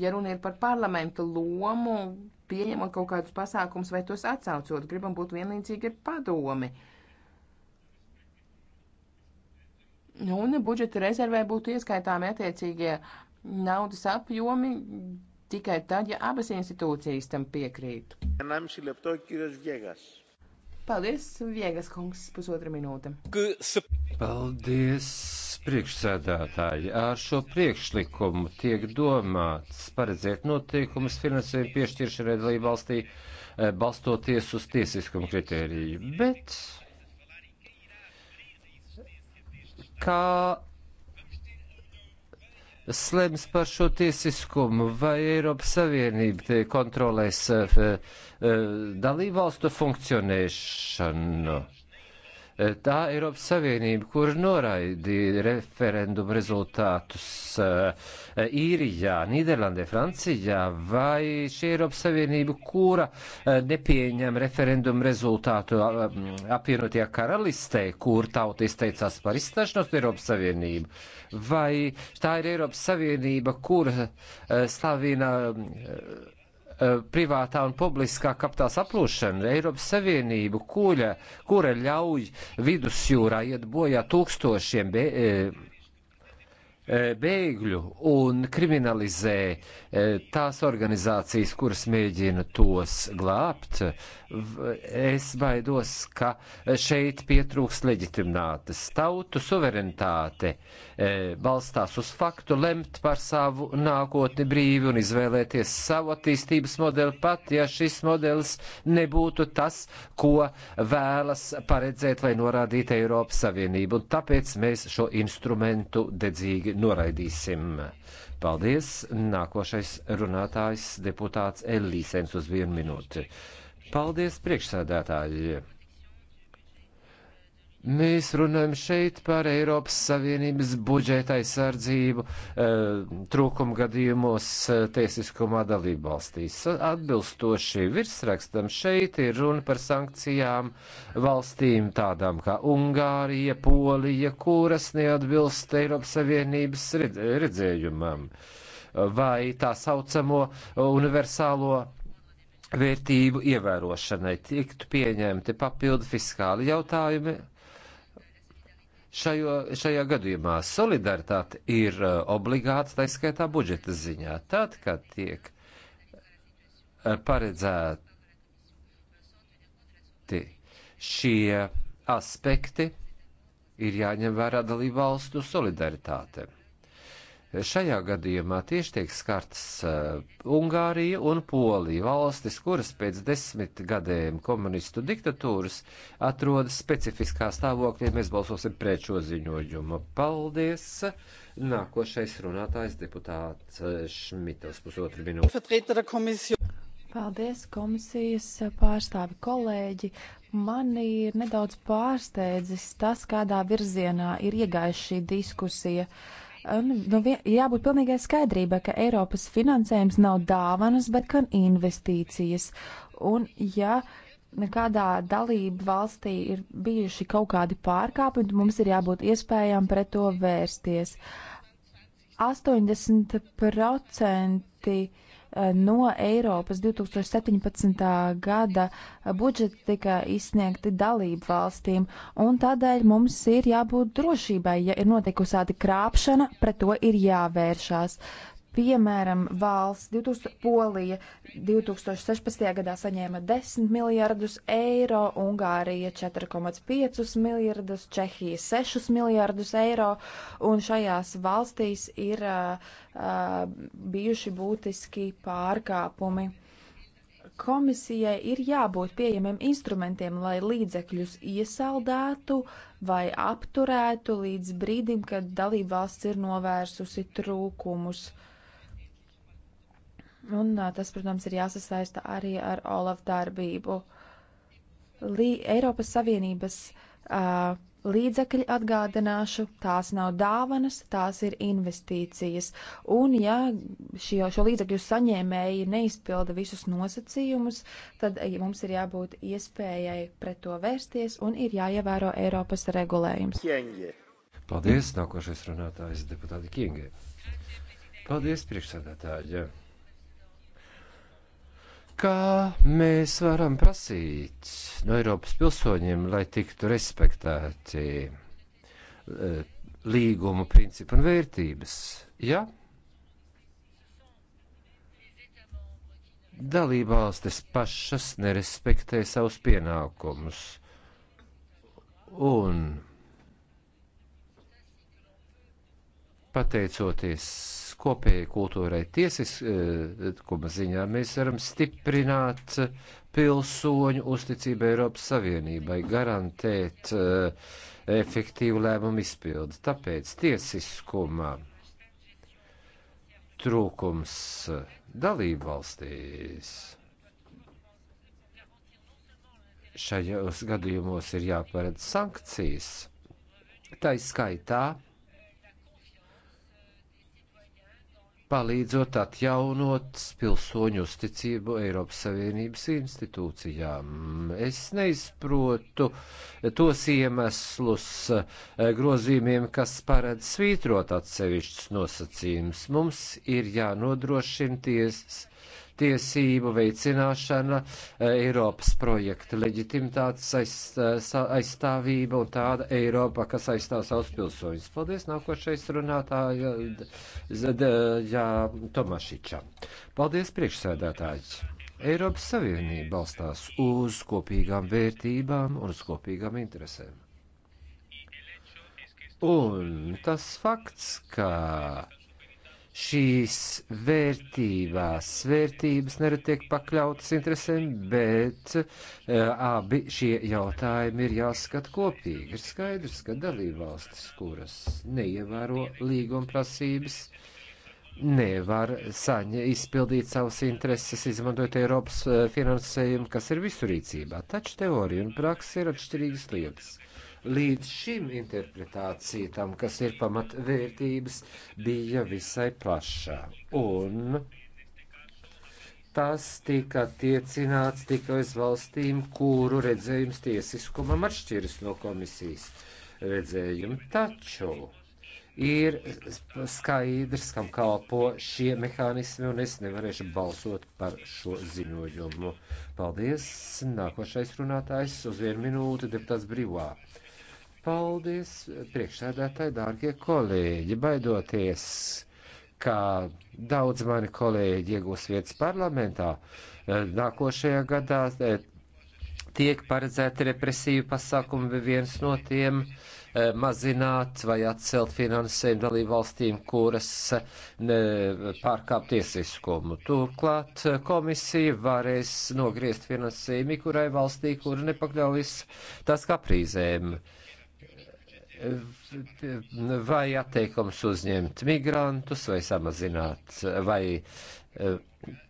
S2: ja runa ir par parlamentu lomu, pieņemot kaut kādus pasākumus vai tos atcaucot. Gribam būt vienlīdzīgi ar padomi. Uh, Un budžeta rezervē būtu ieskaitāmi attiecīgie naudas apjomi tikai tad, ja abas institūcijas tam piekrītu. Paldies, Viegas kungs, pusotra minūte.
S3: Paldies, priekšsēdētāji. Ar šo priekšlikumu tiek domāts paredzēt noteikumus finansējumu piešķiršanai dalībvalstī, eh, balstoties uz tiesiskumu kritēriju. Bet kā slems par šo tiesiskumu, vai Eiropas Savienība kontrolēs eh, eh, dalībvalstu funkcionēšanu. Eh, tā Eiropas Savienība, kur noraidīja referendumu rezultātus eh, eh, Īrijā, Nīderlandē, Francijā, vai šī Eiropas Savienība, kura nepieņem referendumu rezultātu apvienotajā karalistē, kur tauta izteicās par izstāšanos no Eiropas Savienību, vai tā ir Eiropas Savienība, kur slavina Eh, privātā un publiskā kapitāla saplūšana, Eiropas Savienību, kuļa, kura ļauj vidusjūrā iet bojā tūkstošiem. Be, eh, E, bēgļu un kriminalizē e, tās organizācijas, kuras mēģina tos glābt, es baidos, ka šeit pietrūks leģitimitātes. Tautu suverenitāte e, balstās uz faktu lemt par savu nākotni brīvi un izvēlēties savu attīstības modeli pat, ja šis modelis nebūtu tas, ko vēlas paredzēt vai norādīt Eiropas Savienību. Un tāpēc mēs šo instrumentu dedzīgi noraidīsim. Paldies! Nākošais runātājs deputāts Elīsens uz vienu minūti. Paldies, priekšsēdētāji! Mēs runājam šeit par Eiropas Savienības budžeta aizsardzību eh, trūkumu gadījumos eh, tiesiskumā dalību valstīs. Atbilstoši virsrakstam šeit ir runa par sankcijām valstīm tādām kā Ungārija, Polija, kuras neatbilst Eiropas Savienības redzējumam vai tā saucamo universālo vērtību ievērošanai tiktu pieņemti papildu fiskāli jautājumi Šajo, šajā gadījumā solidaritāte ir uh, obligāta, tā skaitā budžeta ziņā. Tad, kad tiek uh, paredzēti šie aspekti, ir jāņem vērā dalību valstu solidaritāte. Šajā gadījumā tieši tiek skartas eh, Ungārija un Polija valstis, kuras pēc desmit gadiem komunistu diktatūras atrodas specifiskā stāvoklī. Mēs balsosim pret šo ziņojumu. Paldies! Nākošais runātājs deputāts eh, Šmitas pusotru minūti.
S1: Paldies, komisijas pārstāvi kolēģi. Mani ir nedaudz pārsteidzis tas, kādā virzienā ir iegājuši šī diskusija. Uh, Eh, nu, nu ir jābūt pilnīgai skaidrībai, ka Eiropas finansējums nav dāvanas, bet gan investīcijas. Un, ja kādā dalību valstī ir bijuši kaut kādi pārkāpumi, tad mums ir jābūt iespējām pret to vērsties. 80% no Eiropas 2017. gada budžeta tika izsniegti dalību valstīm, un tādēļ mums ir jābūt drošībai, ja ir notikusi tāda krāpšana, pret to ir jāvēršās. Piemēram, valsts 2000, Polija 2016. gadā saņēma 10 miljardus eiro, Ungārija 4,5 miljardus, Čehija 6 miljardus eiro, un šajās valstīs ir uh, uh, bijuši būtiski pārkāpumi. Komisijai ir jābūt pieejamiem instrumentiem, lai līdzekļus iesaldētu vai apturētu līdz brīdim, kad dalībvalsts ir novērsusi trūkumus. Uh, Un tas, protams, ir jāsasaista arī ar Olaf darbību. Lī, Eiropas Savienības uh, līdzekļi atgādināšu, tās nav dāvanas, tās ir investīcijas. Un ja šio, šo līdzekļu saņēmēji neizpilda visus nosacījumus, tad ja mums ir jābūt iespējai pret to vērsties un ir jāievēro Eiropas regulējums.
S3: Kienge. Paldies, nākošais runātājs deputāti Kiengē. Paldies, priekšsēdētāji kā mēs varam prasīt no Eiropas pilsoņiem, lai tiktu respektēti e, līgumu principu un vērtības? Ja? Dalībvalstis pašas nerespektē savus pienākumus un pateicoties kopējai kultūrai tiesiskuma eh, ziņā mēs varam stiprināt pilsoņu uzticību Eiropas Savienībai, garantēt eh, efektīvu lēmumu izpildi. Tāpēc tiesiskuma trūkums dalību valstīs šajos gadījumos ir jāparedz sankcijas. Tā izskaitā palīdzot atjaunot pilsoņu uzticību Eiropas Savienības institūcijām. Es neizprotu tos iemeslus eh, grozījumiem, kas paredz svītrot atsevišķus nosacījumus. Mums ir jānodrošina tiesas tiesību veicināšana, eh, Eiropas projekta leģitimitātes eh, aizstāvība un tāda Eiropa, kas aizstāv savus pilsoņus. Paldies, nākošais runātāja Zedēļa Tomašiča. Paldies, priekšsēdētājs. Eiropas Savienība balstās uz kopīgām vērtībām un uz kopīgām interesēm. Un tas fakts, ka šīs vērtībās. Vērtības nerad tiek pakļautas interesēm, bet uh, abi šie jautājumi ir jāskata kopīgi. Ir skaidrs, ka dalībvalstis, kuras neievēro līguma prasības, nevar saņa, izpildīt savas intereses, izmantojot Eiropas eh, finansējumu, kas ir visu rīcībā. Taču teorija un praksa ir atšķirīgas lietas. Līdz šim interpretācija tam, kas ir pamatvērtības, bija visai plašā. Un tas tika attiecināts tikai uz valstīm, kuru redzējums tiesiskumam atšķiras no komisijas redzējuma. Taču ir skaidrs, kam kalpo šie mehānismi, un es nevarēšu balsot par šo ziņojumu. Paldies! Nākošais runātājs uz vienu minūti deputāts Brīvā. Paldies, priekšsēdētāji, dārgie kolēģi, baidoties, ka daudz mani kolēģi iegūs vietas parlamentā eh, nākošajā gadā. Eh, tiek paredzēti represīvi pasākumi, viens no tiem eh, mazināt vai atcelt finansējumu dalību valstīm, kuras pārkāp tiesiskumu. Turklāt komisija varēs nogriezt finansējumu, kurai valstī, kur nepakļaujas tās kaprīzēm. Uh, vai atteikums uzņemt migrantus, vai samazināt, vai eh,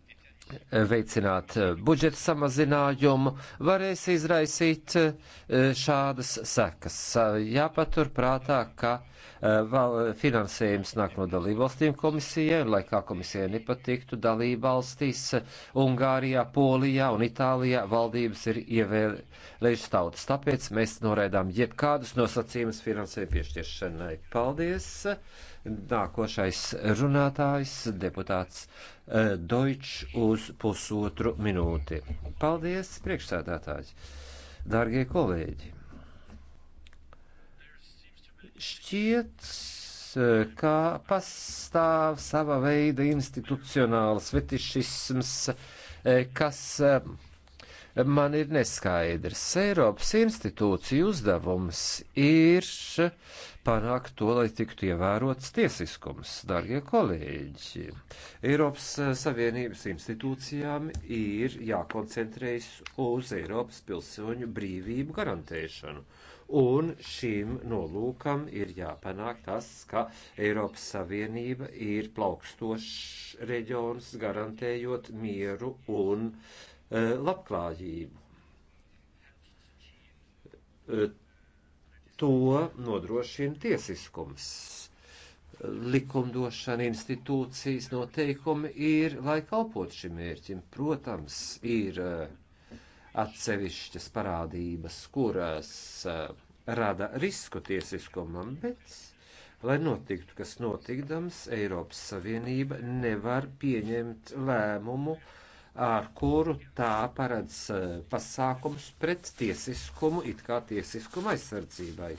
S3: veicināt eh, budžeta samazinājumu, varēs izraisīt eh, šādas sekas. Eh, jāpatur prātā, ka finansējums nāk no dalībvalstīm komisijai, un lai kā komisijai nepatiktu, dalībvalstīs Ungārijā, Polijā un Itālijā valdības ir ievēlējušas tautas. Tāpēc mēs noraidām jebkādus nosacījumus finansējuma piešķiršanai. Paldies! Nākošais runātājs, deputāts eh, Deutsch uz pusotru minūti. Paldies, priekšsēdētāji! Dārgie kolēģi! Šķiet, eh, ka pastāv sava veida institucionāls fetišisms, eh, kas man ir neskaidrs. Eiropas institūcija uzdevums ir panākt to, lai tiktu ievērots tiesiskums. Darbie kolēģi, Eiropas eh, Savienības institūcijām ir jākoncentrējas uz Eiropas pilsoņu brīvību garantēšanu. Un šim nolūkam ir jāpanāk tas, ka Eiropas Savienība ir plaukstošs reģions, garantējot mieru un e, labklājību. E, To nodrošina tiesiskums. Likumdošana, institūcijas noteikumi ir, lai kalpot šim mērķim. Protams, ir eh, atsevišķas parādības, kuras eh, rada risku tiesiskumam, bet lai notiktu, kas notikdams, Eiropas Savienība nevar pieņemt lēmumu ar kuru tā paredz eh, pasākums pret tiesiskumu, it kā tiesiskuma aizsardzībai.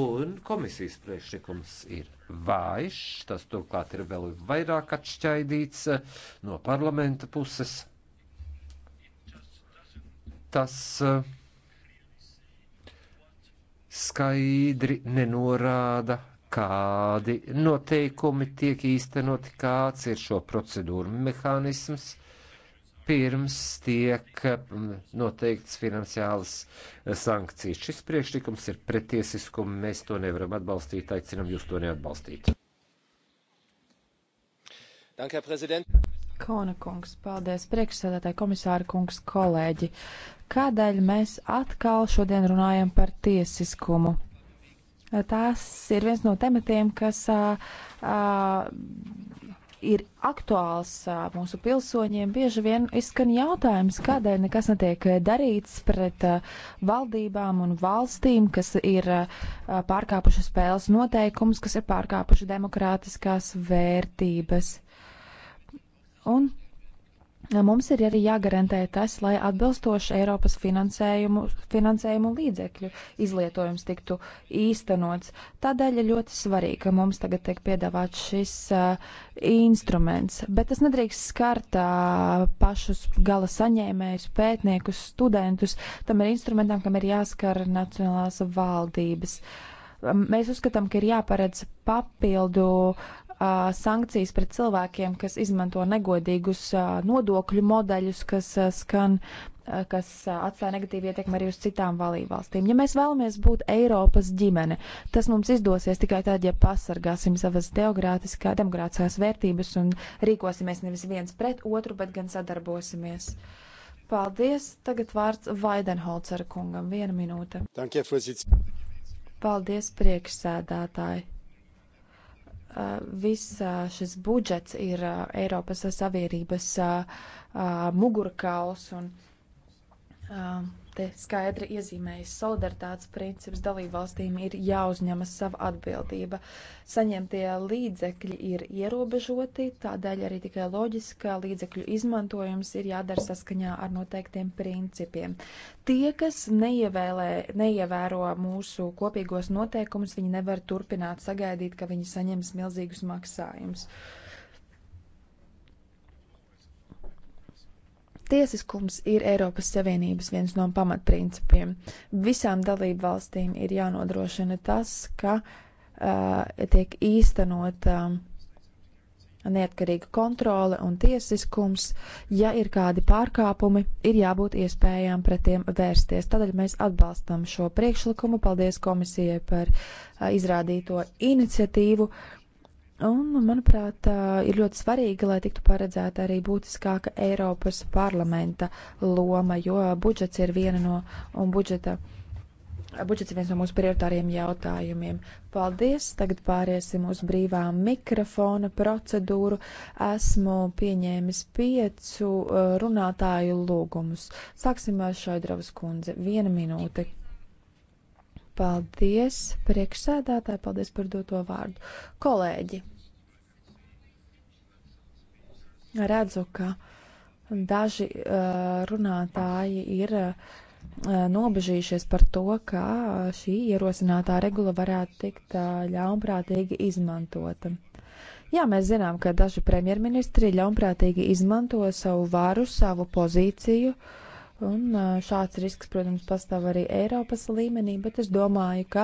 S3: Un komisijas priekšlikums ir vājš, tas turklāt ir vēl vairāk atšķaidīts eh, no parlamenta puses. Tas eh, skaidri nenorāda, kādi noteikumi tiek īstenoti, kāds ir šo procedūru mehānisms pirms tiek mm, noteikts finansiālas eh, sankcijas. Šis priekšlikums ir pretiesiskums, mēs to nevaram atbalstīt, aicinam jūs to neatbalstīt. Danke, Herr Präsident.
S1: Kona kungs, paldies priekšsēdētāji komisāri kungs, kolēģi. Kādēļ mēs atkal šodien runājam par tiesiskumu? Eh, Tās ir viens no tematiem, kas uh, uh, ir aktuāls mūsu pilsoņiem, bieži vien izskan jautājums, kādēļ nekas netiek darīts pret valdībām un valstīm, kas ir pārkāpuši spēles noteikumus, kas ir pārkāpuši demokrātiskās vērtības. Un Mums ir arī jāgarantē tas, lai atbilstoši Eiropas finansējumu, finansējumu līdzekļu izlietojums tiktu īstenots. Tādēļ ir ļoti svarīgi, ka mums tagad tiek piedāvāts šis uh, instruments, bet tas nedrīkst skart uh, pašus gala saņēmējus, pētniekus, studentus. Tam ir instrumentam, kam ir jāskar nacionālās valdības. Mēs uzskatām, ka ir jāparedz papildu uh, sankcijas pret cilvēkiem, kas izmanto negodīgus uh, nodokļu modeļus, kas uh, skan, uh, kas uh, atstāja negatīvu ietekmi arī uz citām valībvalstīm. Ja mēs vēlamies būt Eiropas ģimene, tas mums izdosies tikai tad, ja pasargāsim savas demokrātiskās vērtības un rīkosimies nevis viens pret otru, bet gan sadarbosimies. Paldies! Tagad vārds Vaidenholcer kungam. Viena minūte. Paldies, priekšsēdētāji! Uh, viss uh, šis budžets ir uh, Eiropas Savienības mugurkauls un te skaidri iezīmējis solidaritātes princips dalībvalstīm ir jāuzņemas sava atbildība. Saņemtie līdzekļi ir ierobežoti, tādēļ arī tikai loģiski, ka līdzekļu izmantojums ir jādara saskaņā ar noteiktiem principiem. Tie, kas neievēlē, neievēro mūsu kopīgos noteikumus, viņi nevar turpināt sagaidīt, ka viņi saņems milzīgus maksājumus. Uh, Tiesiskums ir Eiropas Savienības viens no pamatprincipiem. Visām dalību valstīm ir jānodrošina tas, ka uh, tiek īstenot uh, um, neatkarīga kontrole un tiesiskums. Ja ir kādi pārkāpumi, ir jābūt iespējām pret tiem vērsties. Tādēļ mēs atbalstam šo priekšlikumu. Paldies komisijai par uh, izrādīto iniciatīvu. Uh, Un, manuprāt, ir ļoti svarīgi, lai tiktu paredzēta arī būtiskāka Eiropas parlamenta loma, jo budžets ir viena no, un budžeta, budžets ir viens no mūsu prioritāriem jautājumiem. Paldies! Tagad pāriesim uz brīvā mikrofona procedūru. Esmu pieņēmis piecu runātāju lūgumus. Sāksim ar Šaidravas kundzi. Viena minūte. Paldies priekšsēdētāji, paldies par doto vārdu. Kolēģi, redzu, ka daži uh, runātāji ir uh, nobežījušies par to, ka šī ierosinātā regula varētu tikt uh, ļaunprātīgi izmantota. Jā, mēs zinām, ka daži premjerministri ļaunprātīgi izmanto savu varu, savu pozīciju uh, Un šāds risks, protams, pastāv arī Eiropas līmenī, bet es domāju, ka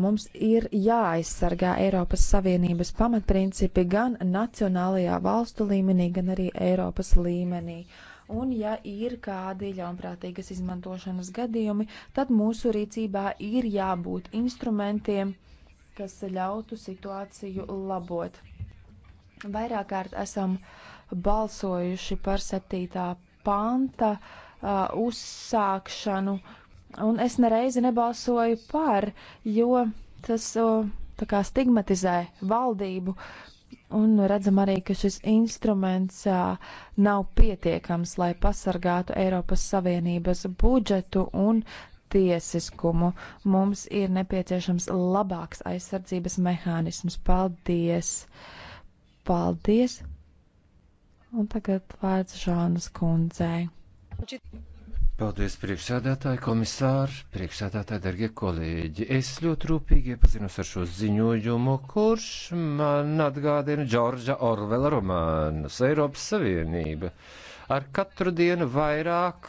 S1: mums ir jāaizsargā Eiropas Savienības pamatprincipi gan nacionālajā valstu līmenī, gan arī Eiropas līmenī. Un, ja ir kādi ļaunprātīgas izmantošanas gadījumi, tad mūsu rīcībā ir jābūt instrumentiem, kas ļautu situāciju labot. Vairāk kārt esam balsojuši par septītā panta uh, uh, uzsākšanu, un es nereizi nebalsoju par, jo tas uh, tā kā stigmatizē valdību, un redzam arī, ka šis instruments uh, nav pietiekams, lai pasargātu Eiropas Savienības budžetu un tiesiskumu. Mums ir nepieciešams labāks aizsardzības mehānisms. Paldies! Paldies! Un tagad vārds Žānas kundzei.
S3: Paldies, priekšsēdētāji, komisāri, priekšsēdētāji, darbie kolēģi. Es ļoti rūpīgi iepazinos ar šo ziņojumu, kurš man atgādina Džordža Orvela romānus Eiropas Savienība. Uh, ar katru dienu vairāk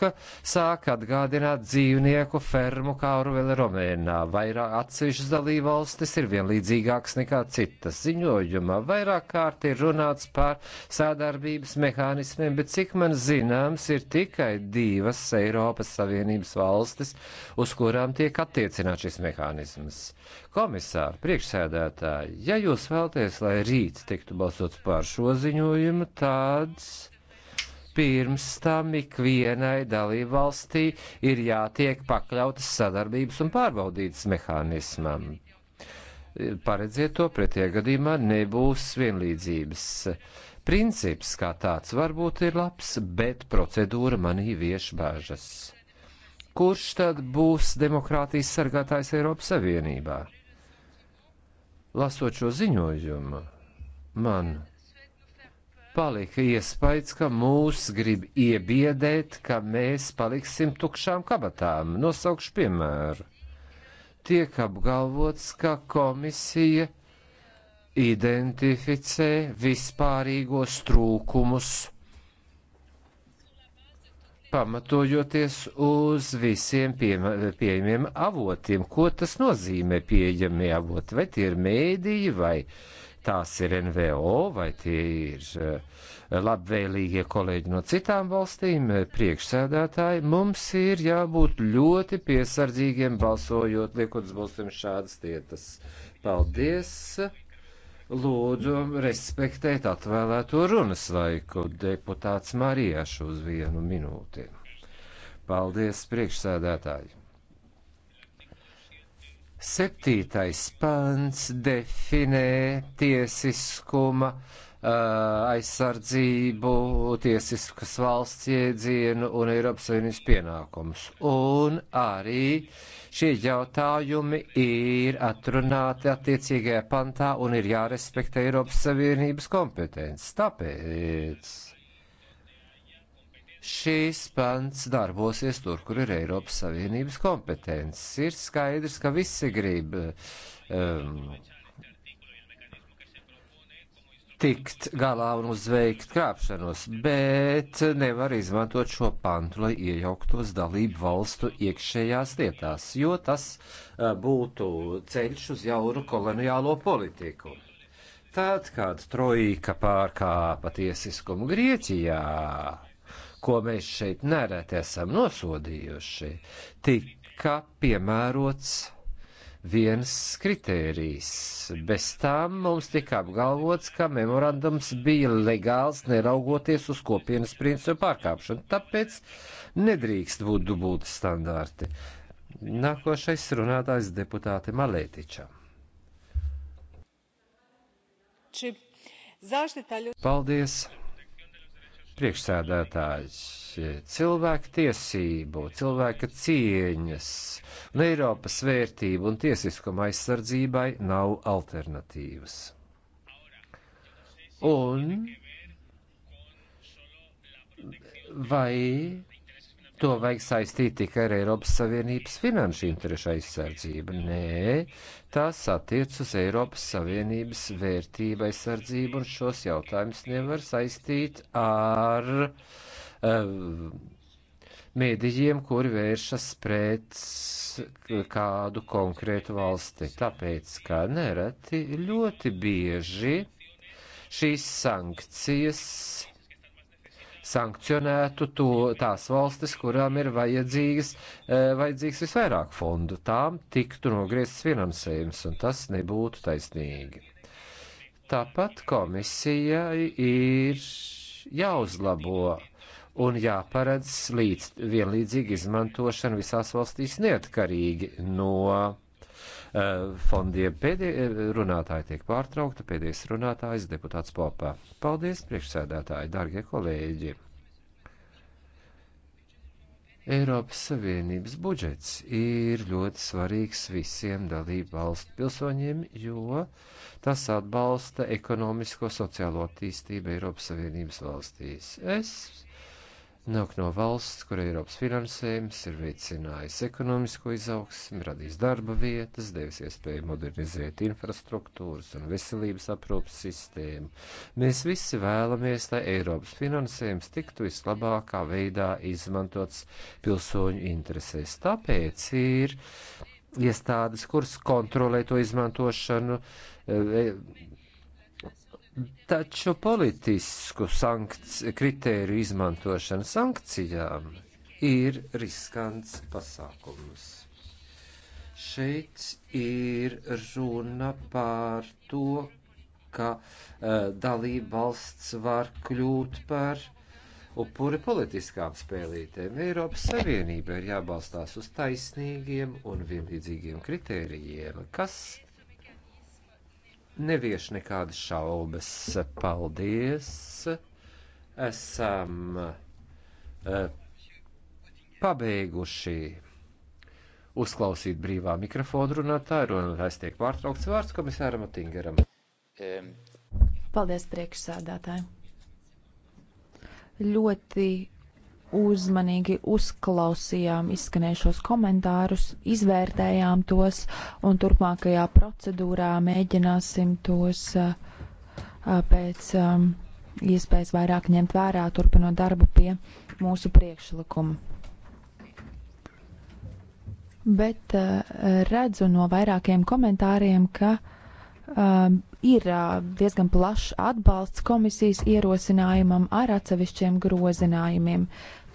S3: sāk atgādināt dzīvnieku fermu kā Orvela Romēnā. Vairāk atsevišķas dalībvalstis ir vienlīdzīgākas nekā citas ziņojumā. Vairāk kārt ir runāts par sādarbības mehānismiem, bet cik man zināms, ir tikai divas Eiropas Savienības valstis, uz kurām tiek attiecināts šis mehānisms. Komisāri, priekšsēdētāji, ja jūs vēlaties, lai rīt tiktu balsots par šo ziņojumu, tāds Pirms tam ikvienai dalībvalstī ir jātiek pakļautas sadarbības un pārbaudītas mehānismam. Paredziet to, pretie gadījumā nebūs vienlīdzības. Princips kā tāds varbūt ir labs, bet procedūra manī vieš bāžas. Kurš tad būs demokrātijas sargātājs Eiropas Savienībā? Lasot šo ziņojumu, man palika iespējas, ka mūs grib iebiedēt, ka mēs paliksim tukšām kabatām. Nosaukšu piemēru. Tiek apgalvots, ka komisija identificē vispārīgos trūkumus, pamatojoties uz visiem pieejamiem avotiem. Ko tas nozīmē pieejamie avoti? Vai tie ir mēdīji vai? Uh, tās ir NVO vai tie ir eh, labvēlīgie kolēģi no citām valstīm, eh, priekšsēdētāji, mums ir jābūt ļoti piesardzīgiem balsojot, liekot uz balsojumu šādas lietas. Paldies! Lūdzu, respektēt atvēlēto runas laiku deputāts Marijāšu uz vienu minūti. Paldies, priekšsēdētāji! Septītais pants definē tiesiskuma uh, aizsardzību, tiesiskas valsts iedzienu un Eiropas Savienības pienākumus. Un arī šie jautājumi ir atrunāti attiecīgajā pantā un ir jārespektē Eiropas Savienības kompetences. Tāpēc šīs pants darbosies tur, kur ir Eiropas Savienības kompetences. Ir skaidrs, ka visi grib um, tikt galā un uzveikt krāpšanos, bet nevar izmantot šo pantu, lai iejauktos dalību valstu iekšējās lietās, jo tas uh, būtu ceļš uz jaunu koloniālo politiku. Tad, kad trojka pārkāpa tiesiskumu Grieķijā, ko mēs šeit nereti esam nosodījuši, tika piemērots viens kritērijs. Bez tām mums tika apgalvots, ka memorandums bija legāls, neraugoties uz kopienas principu pārkāpšanu. Tāpēc nedrīkst būt dubulti standārti. Nākošais runātājs deputāte Malētiča. Paldies! priekšsēdētājs, cilvēka tiesību, cilvēka cieņas un Eiropas vērtību un tiesiskuma aizsardzībai nav alternatīvas. Un vai To vajag saistīt tikai ar Eiropas Savienības finanšu interešu aizsardzību. Nē, tas attiec uz Eiropas Savienības vērtību aizsardzību, un šos jautājumus nevar saistīt ar. Um, mēdījiem, kuri vēršas pret kādu konkrētu valsti. Tāpēc, kā nereti, ļoti bieži šīs sankcijas sankcionētu to, tās valstis, kurām ir vajadzīgas, eh, vajadzīgs visvairāk fondu. Tām tiktu nogriezts finansējums, un tas nebūtu taisnīgi. Tāpat komisijai ir jāuzlabo un jāparedz līdz vienlīdzīgi izmantošana visās valstīs neatkarīgi no Eh, fondiem. Eh, Pēdējie eh, runātāji tiek pārtraukta, pēdējais runātājs deputāts Popā. Paldies, priekšsēdētāji, dārgie kolēģi! Eiropas Savienības budžets ir ļoti svarīgs visiem dalību valstu pilsoņiem, jo tas atbalsta ekonomisko sociālo attīstību Eiropas Savienības valstīs. Es nāk no valsts, kur Eiropas finansējums ir veicinājis ekonomisko izaugsmu, radījis darba vietas, devis iespēju modernizēt infrastruktūras un veselības aprūpas sistēmu. Mēs visi vēlamies, lai Eiropas finansējums tiktu vislabākā veidā izmantots pilsoņu interesēs. Tāpēc ir iestādes, kuras kontrolē to izmantošanu, e, Taču politisku sankci, kritēriju izmantošana sankcijām ir riskants pasākums. Šeit ir runa par to, ka uh, dalība valsts var kļūt par upuri politiskām spēlītēm. Eiropas Savienība ir jābalstās uz taisnīgiem un vienlīdzīgiem kritērijiem, kas nevieš nekādas šaubas. Paldies! Esam eh, pabeiguši uzklausīt brīvā mikrofona runātāju, un es tiek pārtraukts vārds komisāram Atingeram. Paldies
S1: priekšsēdētāji! Ļoti uzmanīgi uzklausījām izskanējušos komentārus, izvērtējām tos un turpmākajā procedūrā mēģināsim tos pēc iespējas vairāk ņemt vērā, turpinot darbu pie mūsu priekšlikuma. Bet redzu no vairākiem komentāriem, ka uh, um, ir uh, diezgan plašs atbalsts komisijas ierosinājumam ar atsevišķiem grozinājumiem,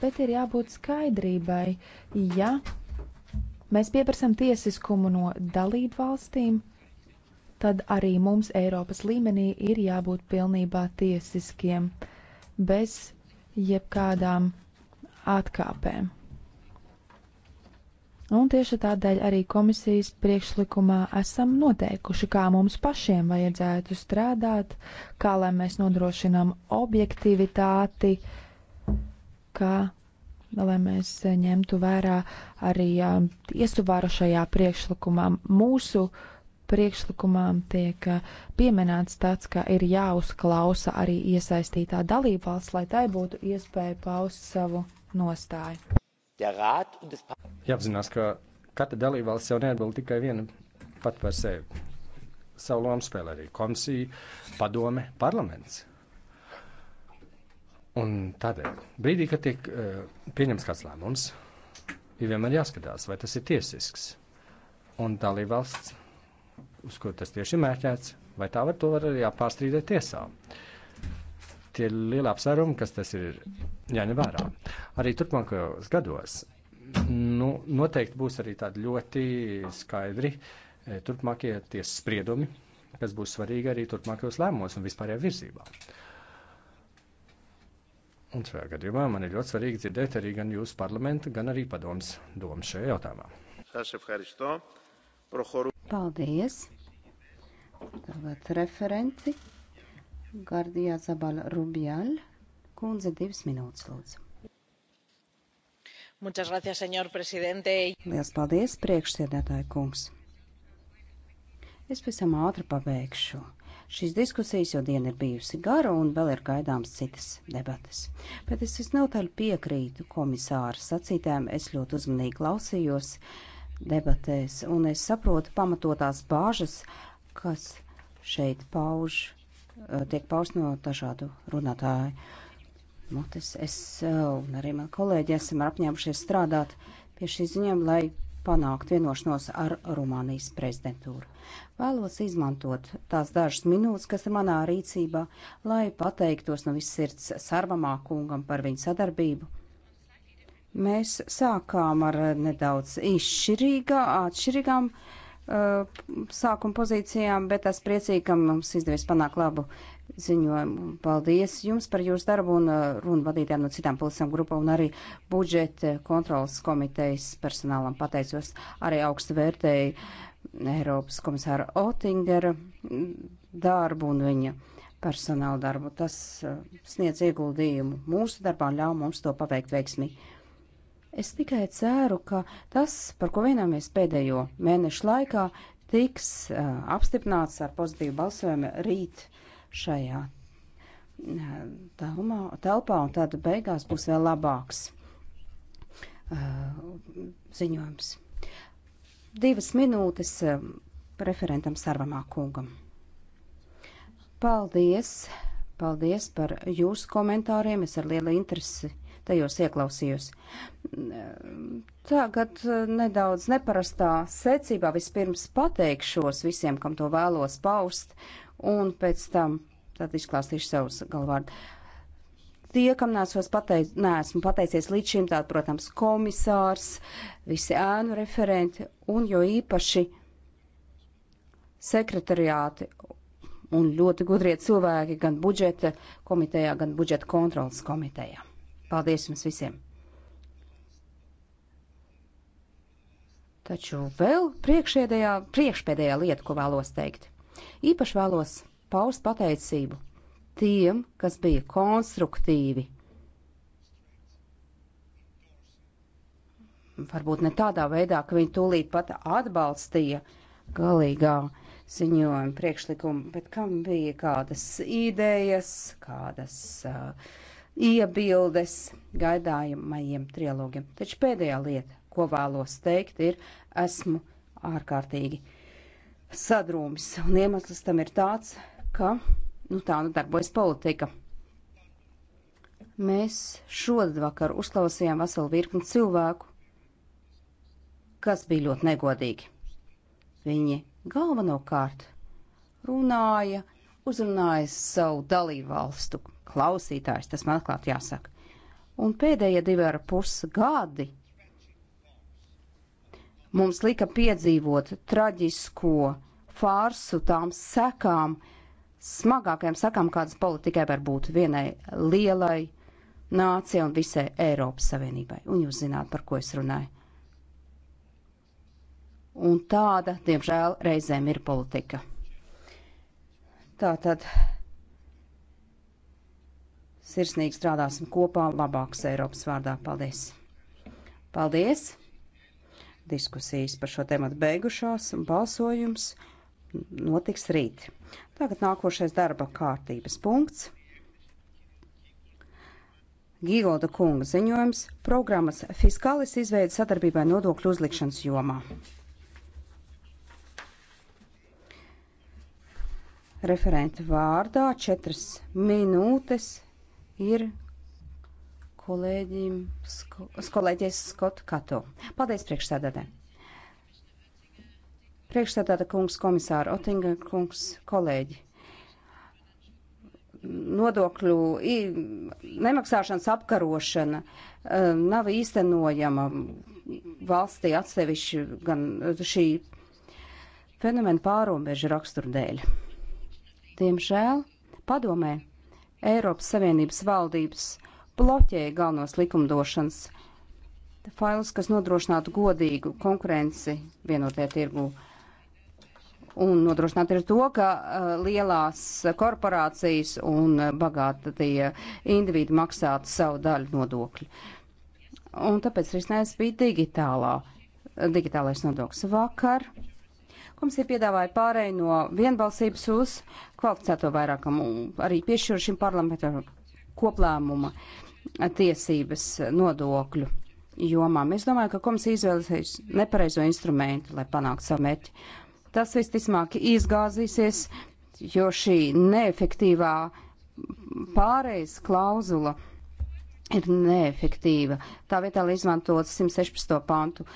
S1: bet ir jābūt skaidrībai, ja mēs pieprasam tiesiskumu no dalību valstīm, tad arī mums Eiropas līmenī ir jābūt pilnībā tiesiskiem, bez jebkādām atkāpēm. Un tieši tādēļ arī komisijas priekšlikumā esam noteikuši, kā mums pašiem vajadzētu strādāt, kā lai mēs nodrošinām objektivitāti, kā lai mēs ņemtu vērā arī tiesu varu šajā priekšlikumā. Mūsu priekšlikumā tiek pieminēts tāds, ka ir jāuzklausa arī iesaistītā dalībvalsts, lai tai būtu iespēja paust savu nostāju.
S3: Jāapzinās, ka katra dalībvalsts jau neatbild tikai viena pat par sevi. Savu lomu spēlē arī komisija, padome, parlaments. Un tādēļ brīdī, kad tiek uh, pieņemts kāds lēmums, ir vienmēr jāskatās, vai tas ir tiesisks. Un dalībvalsts, uz kur tas tieši ir mērķēts, vai tā var to var arī pārstrīdēt tiesā. Uh, tie ir liela apsvērumi, kas tas ir jāņem vērā. Arī turpmākajos gados nu, noteikti būs arī tādi ļoti skaidri e, turpmākie tiesas spriedumi, kas būs svarīgi arī turpmākajos lēmumos un vispārējā virzībā. Un šajā gadījumā man ir ļoti svarīgi dzirdēt arī gan jūsu parlamenta, gan arī padomas domu šajā jautājumā. Paldies! Tagad referenci
S4: Gardijā Zabala Rubial. Kundze, divas minūtes, lūdzu. Muchas gracias, señor presidente. Lielas paldies, priekšsēdētāja kungs. Es visam ātri pabeigšu. Šīs diskusijas jau diena ir bijusi gara un vēl ir gaidāms citas debatas. Bet es visnotaļ piekrītu komisāra sacītēm, es ļoti uzmanīgi klausījos debatēs un es saprotu pamatotās bāžas, kas šeit pauž Eh, tiek paust no dažādu runātāju. Motes, es eh, un arī mani kolēģi esam apņēmušies strādāt pie šī ziņām, lai panākt vienošanos ar Rumānijas prezidentūru. Vēlos izmantot tās dažas minūtes, kas ir manā rīcībā, lai pateiktos no viss sirds Sarvamā kungam par viņu sadarbību. Mēs sākām ar nedaudz izšķirīgā, atšķirīgām uh, Uh, sākuma pozīcijām, bet es priecīgi, ka mums izdevies panākt labu ziņojumu. Paldies jums par jūsu darbu un uh, runu vadītājiem no citām politiskām grupām un arī budžeta kontrolas komitejas personālam pateicos. Arī augstu vērtēju Eiropas komisāra Otingera darbu un viņa personāla darbu. Tas uh, sniedz ieguldījumu mūsu darbā un ļauj mums to paveikt veiksmīgi. Es tikai ceru, ka tas, par ko vienojamies pēdējo mēnešu laikā, tiks uh, apstiprināts ar pozitīvu balsojumu rīt šajā uh, telmā, telpā, un tad beigās būs vēl labāks uh, ziņojums. Divas minūtes uh, referentam Sarvamā kungam. Paldies! Paldies par jūsu komentāriem. Es ar lielu interesi tajos ieklausījos. Tagad eh, nedaudz neparastā secībā vispirms pateikšos visiem, kam to vēlos paust, un pēc tam tad izklāstīšu savus galvārdu. Tie, kam nesos pateic, neesmu pateicies līdz šim, tātad, protams, komisārs, visi ēnu referenti un jo īpaši sekretariāti un ļoti gudrie cilvēki gan budžeta komitejā, gan budžeta kontrolas komitejā. Paldies jums visiem! Taču vēl priekšēdējā, priekšpēdējā lieta, ko vēlos teikt. Īpaši vēlos paust pateicību tiem, kas bija konstruktīvi. Varbūt ne tādā veidā, ka viņi tūlīt pat atbalstīja galīgā ziņojuma priekšlikumu, bet kam bija kādas idejas, kādas uh, iebildes gaidājumajiem trilogiem. Taču pēdējā lieta, ko vēlos teikt, ir esmu ārkārtīgi sadrūmis. Un iemesls tam ir tāds, ka nu, tā nu darbojas politika. Mēs šodvakar uzklausījām veselu virkni cilvēku, kas bija ļoti negodīgi. Viņi galvenokārt runāja, uzrunāja savu dalībvalstu klausītājs, tas man atklāt jāsaka. Un pēdējie divi ar pus gadi mums lika piedzīvot traģisko fārsu tām sekām, smagākajām sekām, kādas politikai var būt vienai lielai nācijai un visai Eiropas Savienībai. Un jūs zināt, par ko es runāju. Un tāda, diemžēl, reizēm ir politika. Tātad sirsnīgi strādāsim kopā labākas Eiropas vārdā. Paldies! Paldies! Diskusijas par šo tematu beigušās un balsojums notiks rīt. Tagad nākošais darba kārtības punkts. Gīgolda kunga ziņojums - programmas fiskālis izveida sadarbībai nodokļu uzlikšanas jomā. Referenta vārdā četras minūtes ir kolēģim, sko, kolēģis Skot Kato. Paldies priekšstādātē. Priekšstādātā kungs, komisāra Otinga kungs, kolēģi. Nodokļu nemaksāšanas apkarošana e, nav īstenojama valstī atsevišķi gan šī fenomena pārobežu raksturu dēļ. Diemžēl padomē Eiropas Savienības valdības bloķē galvenos likumdošanas failus, kas nodrošinātu godīgu konkurenci vienotajā tirgū un nodrošināt ir to, ka uh, lielās korporācijas un uh, bagātie individi maksātu savu daļu nodokļu. Un tāpēc risinājums bija digitālā, digitālais nodoklis vakar. Komisija piedāvāja pārēju no vienbalsības uz kvalificēto vairākumu un arī piešķir šim parlamentam koplēmuma tiesības nodokļu jomā. Es domāju, ka komisija izvēlēsies nepareizo instrumentu, lai panāktu savu mērķi. Tas visticamāk izgāzīsies, jo šī neefektīvā pārejas klauzula ir neefektīva. Tā vietā, lai izmantotu 116. pantu